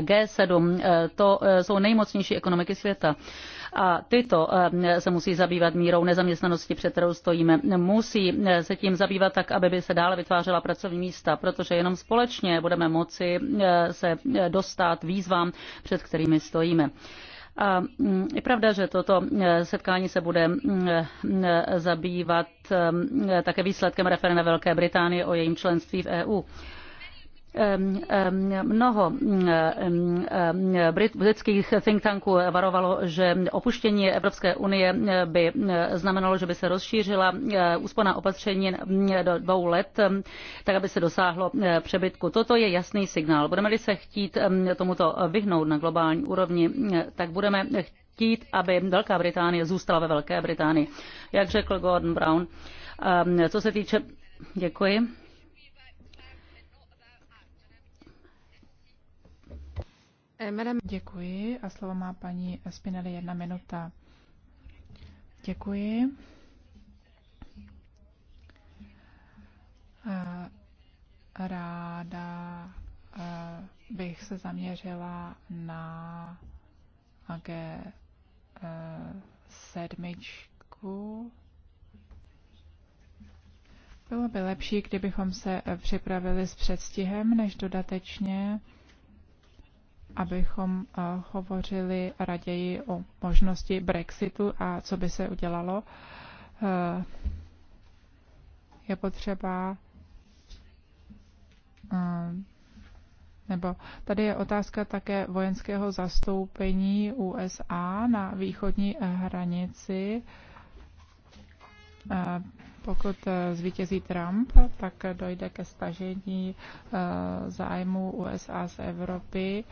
C: G7 to jsou nejmocnější ekonomiky světa a tyto eh, se musí zabývat mírou nezaměstnanosti, před kterou stojíme. Musí eh, se tím zabývat tak, aby by se dále vytvářela pracovní místa, protože jenom společně budeme moci eh, se dostat výzvám, před kterými stojíme. A mm, je pravda, že toto setkání se bude mm, zabývat také výsledkem referenda Velké Británie o jejím členství v EU. Mnoho britských think tanků varovalo, že opuštění Evropské unie by znamenalo, že by se rozšířila e, úsporná opatření do dvou let, tak aby se dosáhlo e, přebytku. Toto je jasný signál. Budeme-li se chtít tomuto vyhnout na globální úrovni, e, tak budeme chtít, aby Velká Británie zůstala ve Velké Británii. Jak řekl Gordon Brown, co se týče... Děkuji.
A: Eh, Děkuji a slovo má paní Spinelli jedna minuta. Děkuji. Eh, ráda eh, bych se zaměřila na G7. Bylo by lepší, kdybychom se připravili s předstihem, než dodatečně abychom eh, hovořili raději o možnosti Brexitu a co by se udělalo. Eh, je potřeba eh, nebo tady je otázka také vojenského zastoupení USA na východní hranici. Pokud zvítězí Trump, tak dojde ke stažení zájmu USA z Evropy.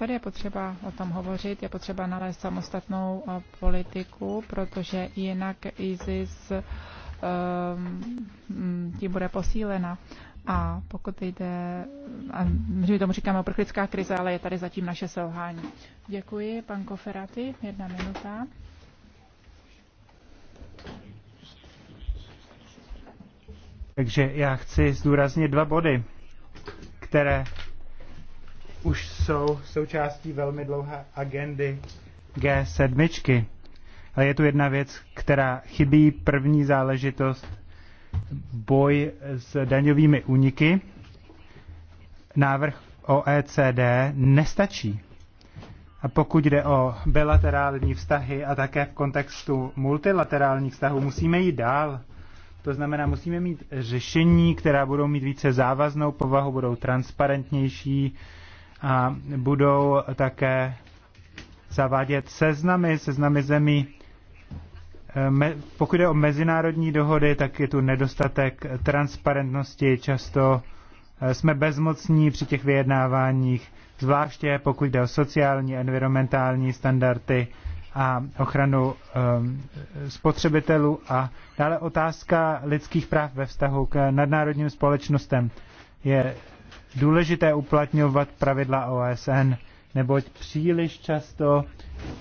A: Tady je potřeba o tom hovořit, je potřeba nalézt samostatnou eh, politiku, protože jinak ISIS ehm, mm, tím bude posílena. A pokud jde, a my tomu říkáme oprchlická krize, ale je tady zatím naše selhání. Děkuji, pan Koferaty, jedna minuta.
D: Takže já chci zdůraznit dva body, které už jsou součástí velmi dlouhé agendy G7. Ale je tu jedna věc, která chybí. První záležitost boj s daňovými úniky. Návrh OECD nestačí. A pokud jde o bilaterální vztahy a také v kontextu multilaterálních vztahů, musíme jít dál. To znamená, musíme mít řešení, která budou mít více závaznou povahu, budou transparentnější, a budou také zavádět seznamy, seznamy zemí. E, me, pokud je o mezinárodní dohody, tak je tu nedostatek transparentnosti. Často e, jsme bezmocní při těch vyjednáváních, zvláště pokud jde o sociální, environmentální standardy a ochranu um, spotřebitelů a dále otázka lidských práv ve vztahu k nadnárodním společnostem je důležité uplatňovat pravidla OSN, neboť příliš často eh,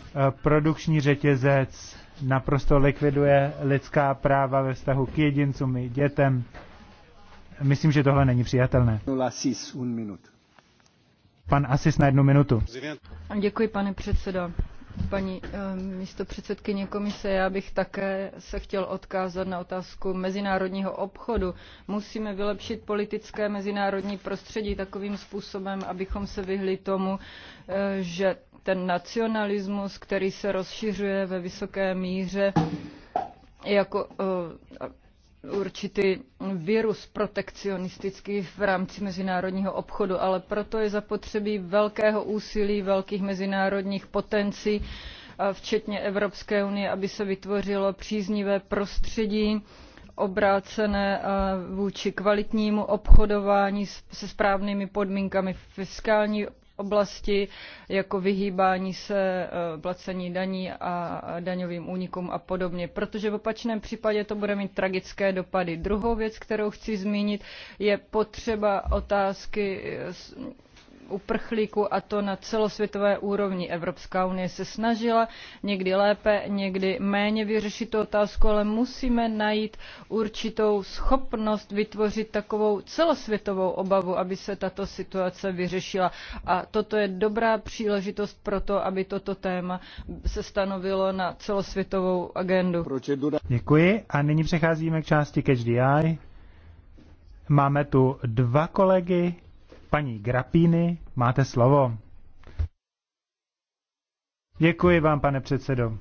D: produkční řetězec naprosto likviduje lidská práva ve vztahu k jedincům i dětem. Myslím, že tohle není přijatelné. Pan Asis na jednu minutu.
E: Děkuji, pane předsedo. Paní eh, místo předsedkyně komise, já bych také se chtěl odkázat na otázku mezinárodního obchodu. Musíme vylepšit politické mezinárodní prostředí takovým způsobem, abychom se vyhli tomu, eh, že ten nacionalismus, který se rozšiřuje ve vysoké míře, jako eh, určitý virus protekcionistický v rámci mezinárodního obchodu, ale proto je zapotřebí velkého úsilí, velkých mezinárodních potencí, včetně Evropské unie, aby se vytvořilo příznivé prostředí obrácené vůči kvalitnímu obchodování se správnými podmínkami fiskální oblasti, jako vyhýbání se eh, placení daní a daňovým únikům a podobně, protože v opačném případě to bude mít tragické dopady. Druhou věc, kterou chci zmínit, je potřeba otázky eh, uprchlíků a to na celosvětové úrovni. Evropská unie se snažila někdy lépe, někdy méně vyřešit tu otázku, ale musíme najít určitou schopnost vytvořit takovou celosvětovou obavu, aby se tato situace vyřešila. A toto je dobrá příležitost pro to, aby toto téma se stanovilo na celosvětovou agendu.
D: Děkuji a nyní přecházíme k části Catch the Eye. Máme tu dva kolegy, Paní Grapíny, máte slovo. Děkuji vám, pane předsedo.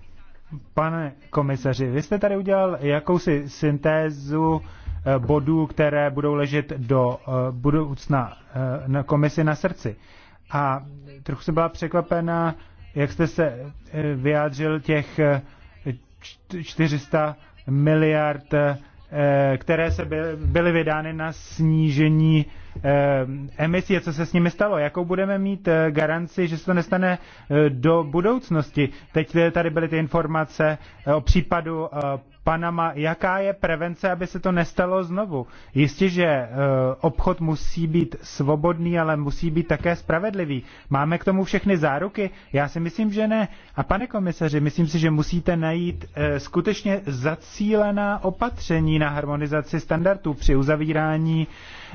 D: Pane komisaři, vy jste tady udělal jakousi syntézu eh, bodů, které budou ležet do eh, budoucna eh, na komisi na srdci. A trochu jsem byla překvapena, jak jste se vyjádřil těch 400 miliard Eh, které se byly vydány na snížení eh, emisí a co se s nimi stalo. Jakou budeme mít eh, garanci, že se to nestane do budoucnosti? Teď tady byly ty informace o případu Panama, jaká je prevence, aby se to nestalo znovu? Jistě, že e, obchod musí být svobodný, ale musí být také spravedlivý. Máme k tomu všechny záruky? Já si myslím, že ne. A pane komisaři, myslím si, že musíte najít e, skutečně zacílená opatření na harmonizaci standardů při uzavírání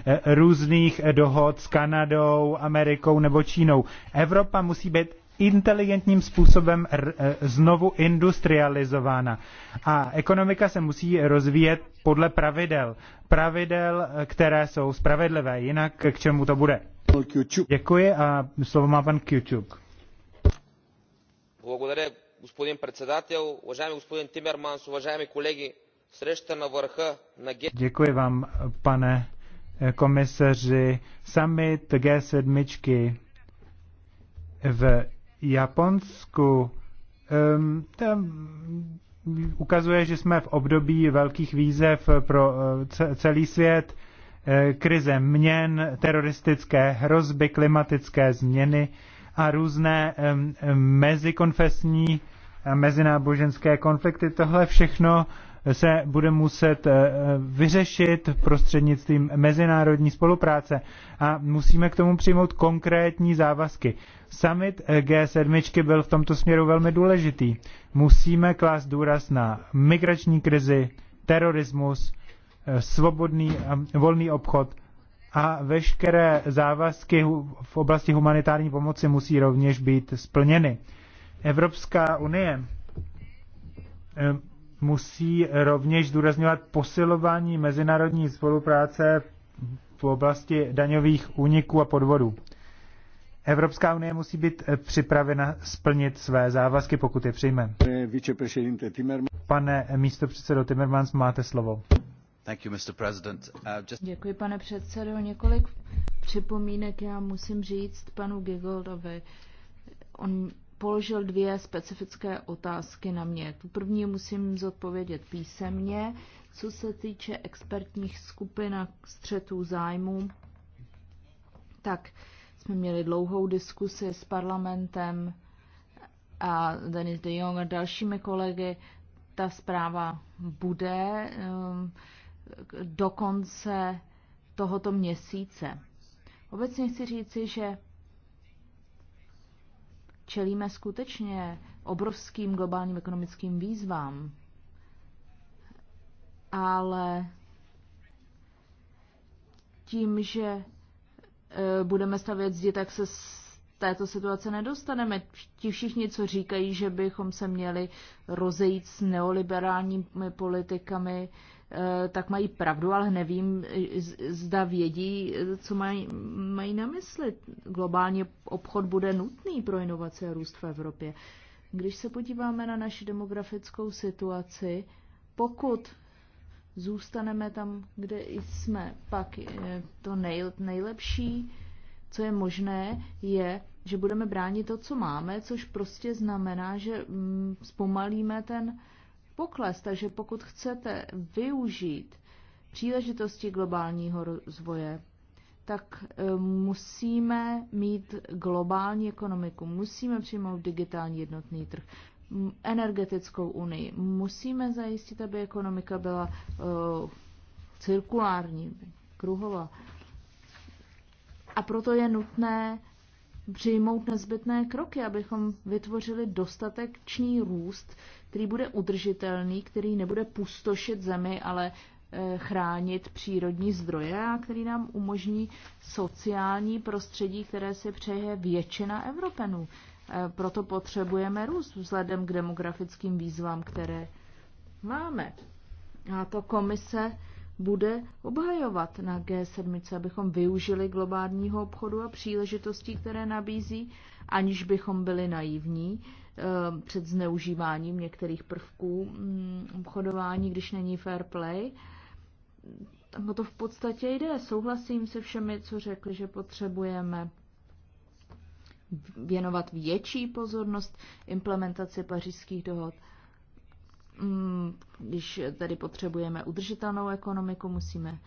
D: e, různých dohod s Kanadou, Amerikou nebo Čínou. Evropa musí být inteligentním způsobem e, znovu industrializována. A ekonomika se musí rozvíjet podle pravidel. Pravidel, e, které jsou spravedlivé, jinak k čemu to bude. Děkuji a slovo má pan Kjučuk.
C: Благодаря, господин председател, уважаеми господин Тимерманс, уважаеми колеги. Среща на върха на Г...
D: Děkuji vám, pane e, komisaři. Summit G7 v Japonsku tam ukazuje, že jsme v období velkých výzev pro eh, celý svět, eh, krize měn, teroristické hrozby, klimatické změny a různé mezikonfesní a mezináboženské konflikty. Tohle všechno se bude muset eh, vyřešit prostřednictvím mezinárodní spolupráce a musíme k tomu přijmout konkrétní závazky. Summit eh, G7 byl v tomto směru velmi důležitý. Musíme klást důraz na migrační krizi, terorismus, eh, svobodný volný obchod a veškeré závazky v oblasti humanitární pomoci musí rovněž být splněny. Evropská unie musí rovněž zdůrazňovat posilování mezinárodní spolupráce v oblasti daňových úniků a podvodů. Evropská unie musí být připravena splnit své závazky, pokud je přijme. Pane místopředsedo Timmermans, máte slovo. Uh,
F: Děkuji, pane předsedo. Několik připomínek já musím říct panu Gigoldovi. On položil dvě specifické otázky na mě. Tu první musím zodpovědět písemně. Co se týče expertních skupin a střetů zájmu, tak jsme měli dlouhou diskusi s parlamentem a Denis de Jong a dalšími kolegy. Ta zpráva bude um, do konce tohoto měsíce. Obecně chci říci, že čelíme skutečně obrovským globálním ekonomickým výzvám. Ale tím, že e, budeme stavět zdi, tak se z této situace nedostaneme. Ti všichni, co říkají, že bychom se měli rozejít s neoliberálními politikami, Eh, tak mají pravdu, ale nevím, eh, zda vědí, eh, co mají, mají na mysli. Globálně obchod bude nutný pro inovace a růst v Evropě. Když se podíváme na naši demografickou situaci, pokud zůstaneme tam, kde jsme, pak to nejlepší, co je možné, je, že budeme bránit to, co máme, což prostě znamená, že mm, zpomalíme ten pokles, takže pokud chcete využít příležitosti globálního rozvoje, tak eh, musíme mít globální ekonomiku, musíme přijmout digitální jednotný trh, energetickou unii, musíme zajistit, aby ekonomika byla uh, cirkulární, kruhová. A proto je nutné přijmout nezbytné kroky, abychom vytvořili dostatečný růst, který bude udržitelný, který nebude pustošit zemi, ale eh, chránit přírodní zdroje a který nám umožní sociální prostředí, které si přeje většina Evropanů. Eh, proto potřebujeme růst vzhledem k demografickým výzvám, které máme. A to komise bude obhajovat na G7, abychom využili globálního obchodu a příležitostí, které nabízí, aniž bychom byli naivní eh, před zneužíváním některých prvků mm, obchodování, když není fair play. No to v podstatě jde. Souhlasím se všemi, co řekli, že potřebujeme věnovat větší pozornost implementaci pařížských dohod Mm, když tady potřebujeme udržitelnou ekonomiku, musíme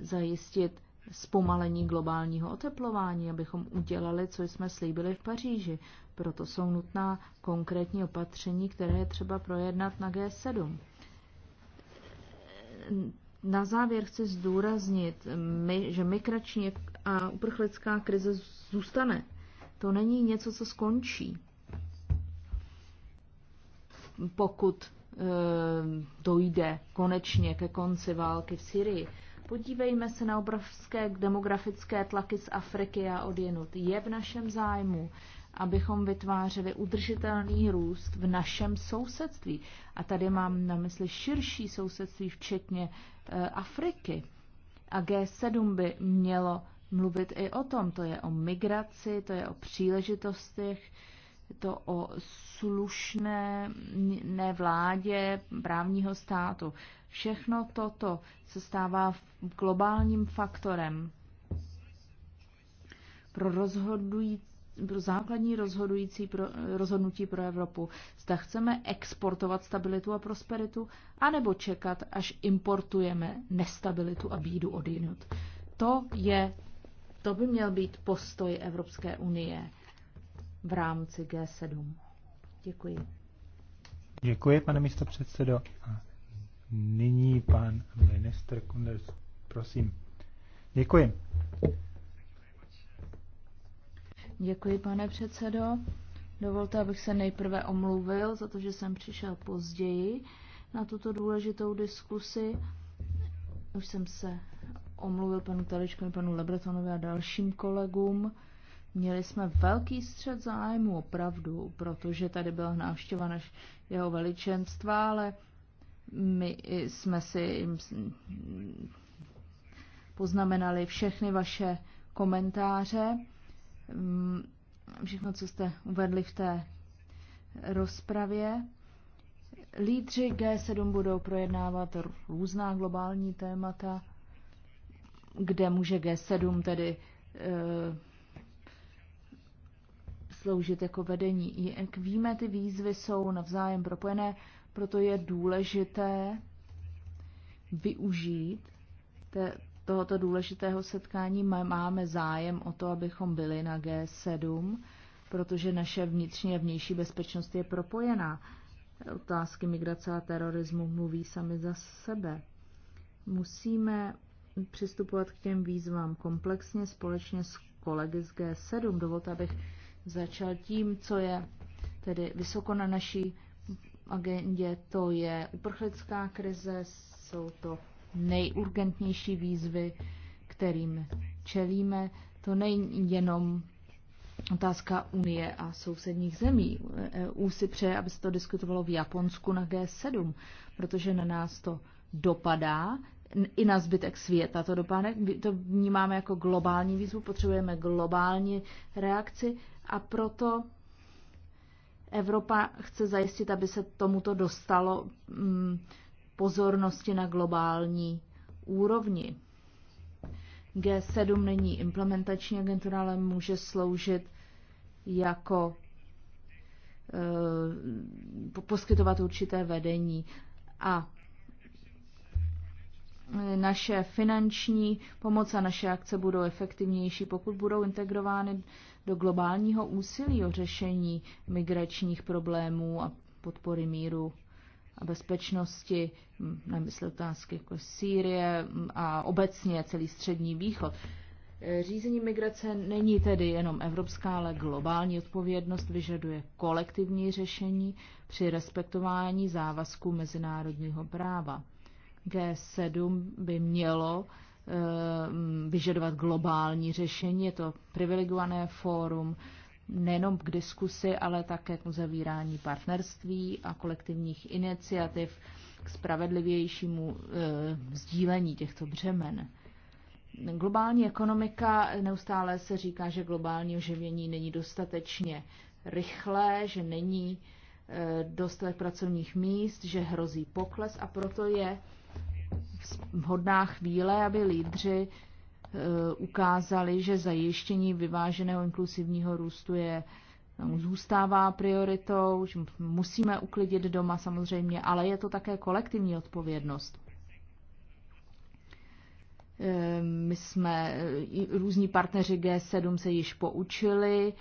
F: zajistit zpomalení globálního oteplování, abychom udělali, co jsme slíbili v Paříži. Proto jsou nutná konkrétní opatření, které je třeba projednat na G7. Na závěr chci zdůraznit, že migrační a uprchlická krize zůstane. To není něco, co skončí. Pokud Eh, dojde konečně ke konci války v Syrii. Podívejme se na obrovské demografické tlaky z Afriky a odjenut. Je v našem zájmu, abychom vytvářeli udržitelný růst v našem sousedství. A tady mám na mysli širší sousedství, včetně eh, Afriky. A G7 by mělo mluvit i o tom. To je o migraci, to je o příležitostech, je to o slušné nevládě právního státu. Všechno toto se stává globálním faktorem pro, rozhodují, pro základní rozhodující pro, rozhodnutí pro Evropu. Zda chceme exportovat stabilitu a prosperitu, anebo čekat, až importujeme nestabilitu a bídu od jinut. To, je, to by měl být postoj Evropské unie v rámci G7. Děkuji.
D: Děkuji, pane místo předsedo. A nyní pan minister Kunders, prosím. Děkuji.
F: Děkuji, pane předsedo. Dovolte, abych se nejprve omluvil za to, že jsem přišel později na tuto důležitou diskusi. Už jsem se omluvil panu Taličkovi, panu Lebretonovi a dalším kolegům. Měli jsme velký střed zájmu, opravdu, protože tady byla návštěva naš jeho veličenstva, ale my jsme si poznamenali všechny vaše komentáře, mm, všechno, co jste uvedli v té rozpravě. Lídři G7 budou projednávat různá globální témata, kde může G7 tedy eh, sloužit jako vedení. Jak víme, ty výzvy jsou navzájem propojené, proto je důležité využít te, tohoto důležitého setkání. Máme zájem o to, abychom byli na G7, protože naše vnitřní a vnější bezpečnost je propojená. Otázky migrace a terorismu mluví sami za sebe. Musíme přistupovat k těm výzvám komplexně, společně s kolegy z G7. Dovolte, abych začal tím, co je tedy vysoko na naší agendě, to je uprchlická krize, jsou to nejurgentnější výzvy, kterým čelíme. To není jenom otázka Unie a sousedních zemí. E, EU si přeje, aby se to diskutovalo v Japonsku na G7, protože na nás to dopadá, i na zbytek světa to dopadne. To vnímáme jako globální výzvu, potřebujeme globální reakci a proto Evropa chce zajistit, aby se tomuto dostalo mm, pozornosti na globální úrovni. G7 není implementační agentura, ale může sloužit jako eh, poskytovat určité vedení. A naše finanční pomoc a naše akce budou efektivnější, pokud budou integrovány do globálního úsilí o řešení migračních problémů a podpory míru a bezpečnosti, na mysli otázky jako Sýrie a obecně celý střední východ. Řízení migrace není tedy jenom evropská, ale globální odpovědnost vyžaduje kolektivní řešení při respektování závazků mezinárodního práva. G7 by mělo Eh, vyžadovat globální řešení. Je to privilegované fórum nejenom k diskusi, ale také k uzavírání partnerství a kolektivních iniciativ k spravedlivějšímu eh, sdílení těchto břemen. Globální ekonomika, neustále se říká, že globální oživění není dostatečně rychlé, že není eh, dostatek pracovních míst, že hrozí pokles a proto je vhodná chvíle, aby lídři eh, ukázali, že zajištění vyváženého inkluzivního růstu je no, zůstává prioritou, že musíme uklidit doma samozřejmě, ale je to také kolektivní odpovědnost. Eh, my jsme, eh, různí partneři G7 se již poučili,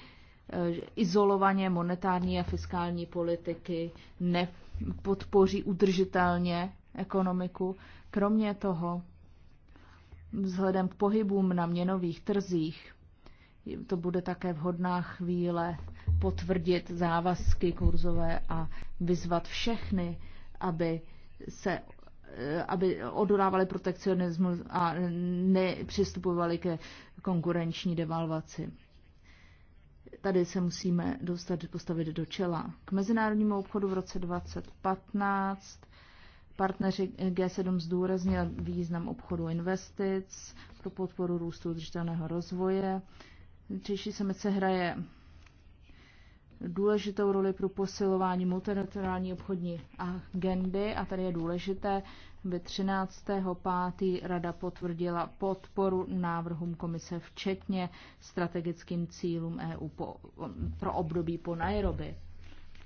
F: izolovaně monetární a fiskální politiky nepodpoří udržitelně ekonomiku. Kromě toho, vzhledem k pohybům na měnových trzích, to bude také vhodná chvíle potvrdit závazky kurzové a vyzvat všechny, aby se aby odolávali protekcionismu a nepřistupovali ke konkurenční devalvaci. Tady se musíme dostat, postavit do čela. K mezinárodnímu obchodu v roce 2015 Partneři G7 zdůraznil význam obchodu investic pro podporu růstu udržitelného rozvoje. Příští summit hraje důležitou roli pro posilování multilaterální obchodní agendy a tady je důležité, aby 13. 5. Rada potvrdila podporu návrhům komise, včetně strategickým cílům EU po, pro období po Nairobi.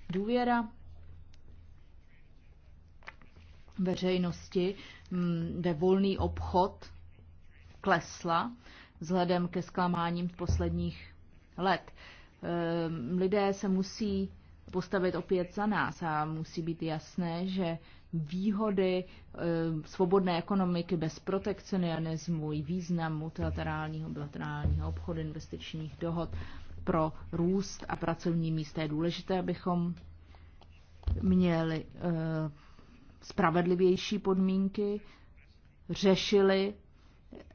F: Důvěra veřejnosti ve mm, volný obchod klesla vzhledem ke zklamáním posledních let. Ehm, lidé se musí postavit opět za nás a musí být jasné, že výhody ehm, svobodné ekonomiky bez protekcionismu i význam multilaterálního, bilaterálního obchodu, investičních dohod pro růst a pracovní místa je důležité, abychom měli ehm, spravedlivější podmínky, řešili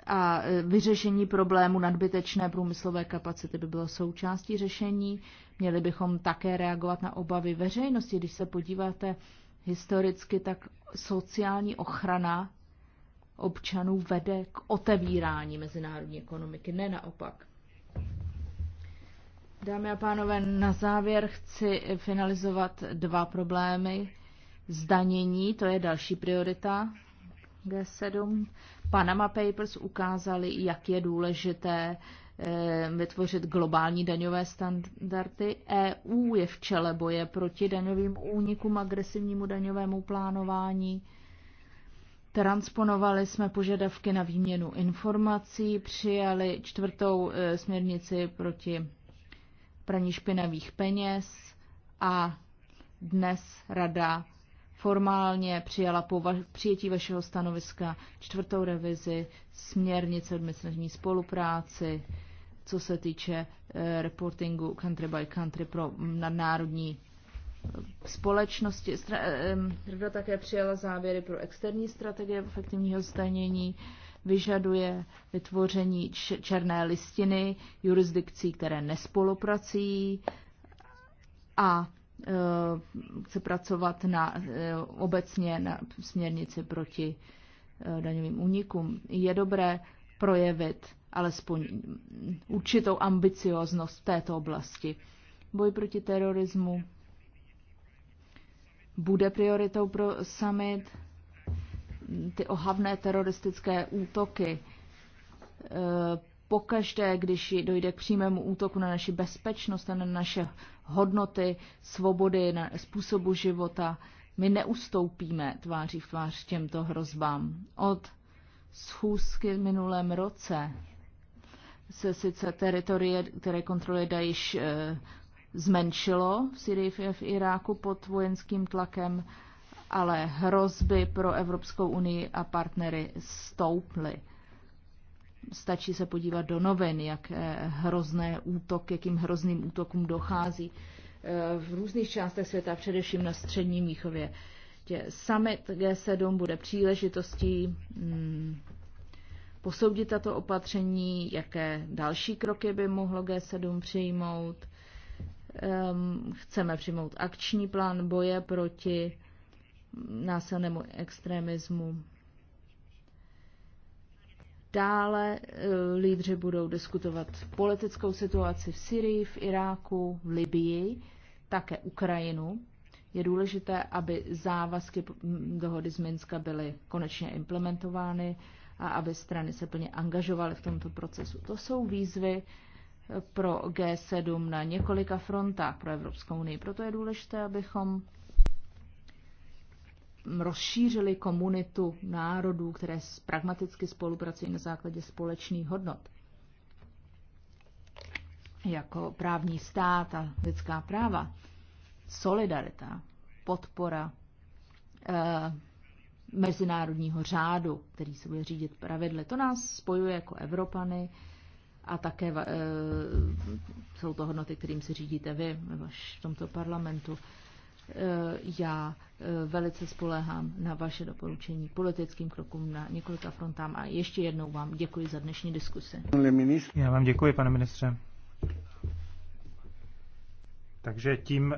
F: a e, vyřešení problému nadbytečné průmyslové kapacity by bylo součástí řešení. Měli bychom také reagovat na obavy veřejnosti. Když se podíváte historicky, tak sociální ochrana občanů vede k otevírání mezinárodní ekonomiky, ne naopak. Dámy a pánové, na závěr chci finalizovat dva problémy, Zdanění, to je další priorita G7. Panama Papers ukázali, jak je důležité eh, vytvořit globální daňové standardy. EU je v čele boje proti daňovým únikům, agresivnímu daňovému plánování. Transponovali jsme požadavky na výměnu informací, přijali čtvrtou eh, směrnici proti praní špinavých peněz a dnes rada formálně přijala po va- přijetí vašeho stanoviska čtvrtou revizi směrnice mezinárodní spolupráci, co se týče e, reportingu country by country pro nadnárodní eh, společnosti. Stra- e, také přijala závěry pro externí strategie efektivního zdanění, vyžaduje vytvoření černé listiny jurisdikcí, které nespolupracují a Eh, chce pracovat na, eh, obecně na směrnici proti eh, daňovým únikům. Je dobré projevit alespoň určitou ambicioznost v této oblasti. Boj proti terorismu bude prioritou pro summit. Ty ohavné teroristické útoky pokaždé, když dojde k přímému útoku na naši bezpečnost a na naše hodnoty, svobody, na způsobu života, my neustoupíme tváří v tvář těmto hrozbám. Od schůzky v minulém roce se sice teritorie, které kontroluje Daesh, eh, zmenšilo v Syrii v Iráku pod vojenským tlakem, ale hrozby pro Evropskou unii a partnery stouply. Stačí se podívat do novin, jak eh, hrozné útok, jakým hrozným útokům dochází eh, v různých částech světa, především na středním Míchově. Summit G7 bude příležitostí mm, posoudit tato opatření, jaké další kroky by mohlo G7 přijmout. Ehm, chceme přijmout akční plán boje proti násilnému extremismu. Dále eh, lídři budou diskutovat politickou situaci v Syrii, v Iráku, v Libii, také Ukrajinu. Je důležité, aby závazky dohody z Minska byly konečně implementovány a aby strany se plně angažovaly v tomto procesu. To jsou výzvy eh, pro G7 na několika frontách pro Evropskou unii. Proto je důležité, abychom rozšířili komunitu národů, které pragmaticky spolupracují na základě společných hodnot, jako právní stát a lidská práva, solidarita, podpora eh, mezinárodního řádu, který se bude řídit pravidly. To nás spojuje jako Evropany a také eh, jsou to hodnoty, kterým se řídíte vy v tomto parlamentu. Eh, Eh, já eh, velice spolehám na vaše doporučení politickým krokům na několika frontám a ještě jednou vám děkuji za dnešní diskusi.
D: Já vám děkuji, pane ministře. Takže tím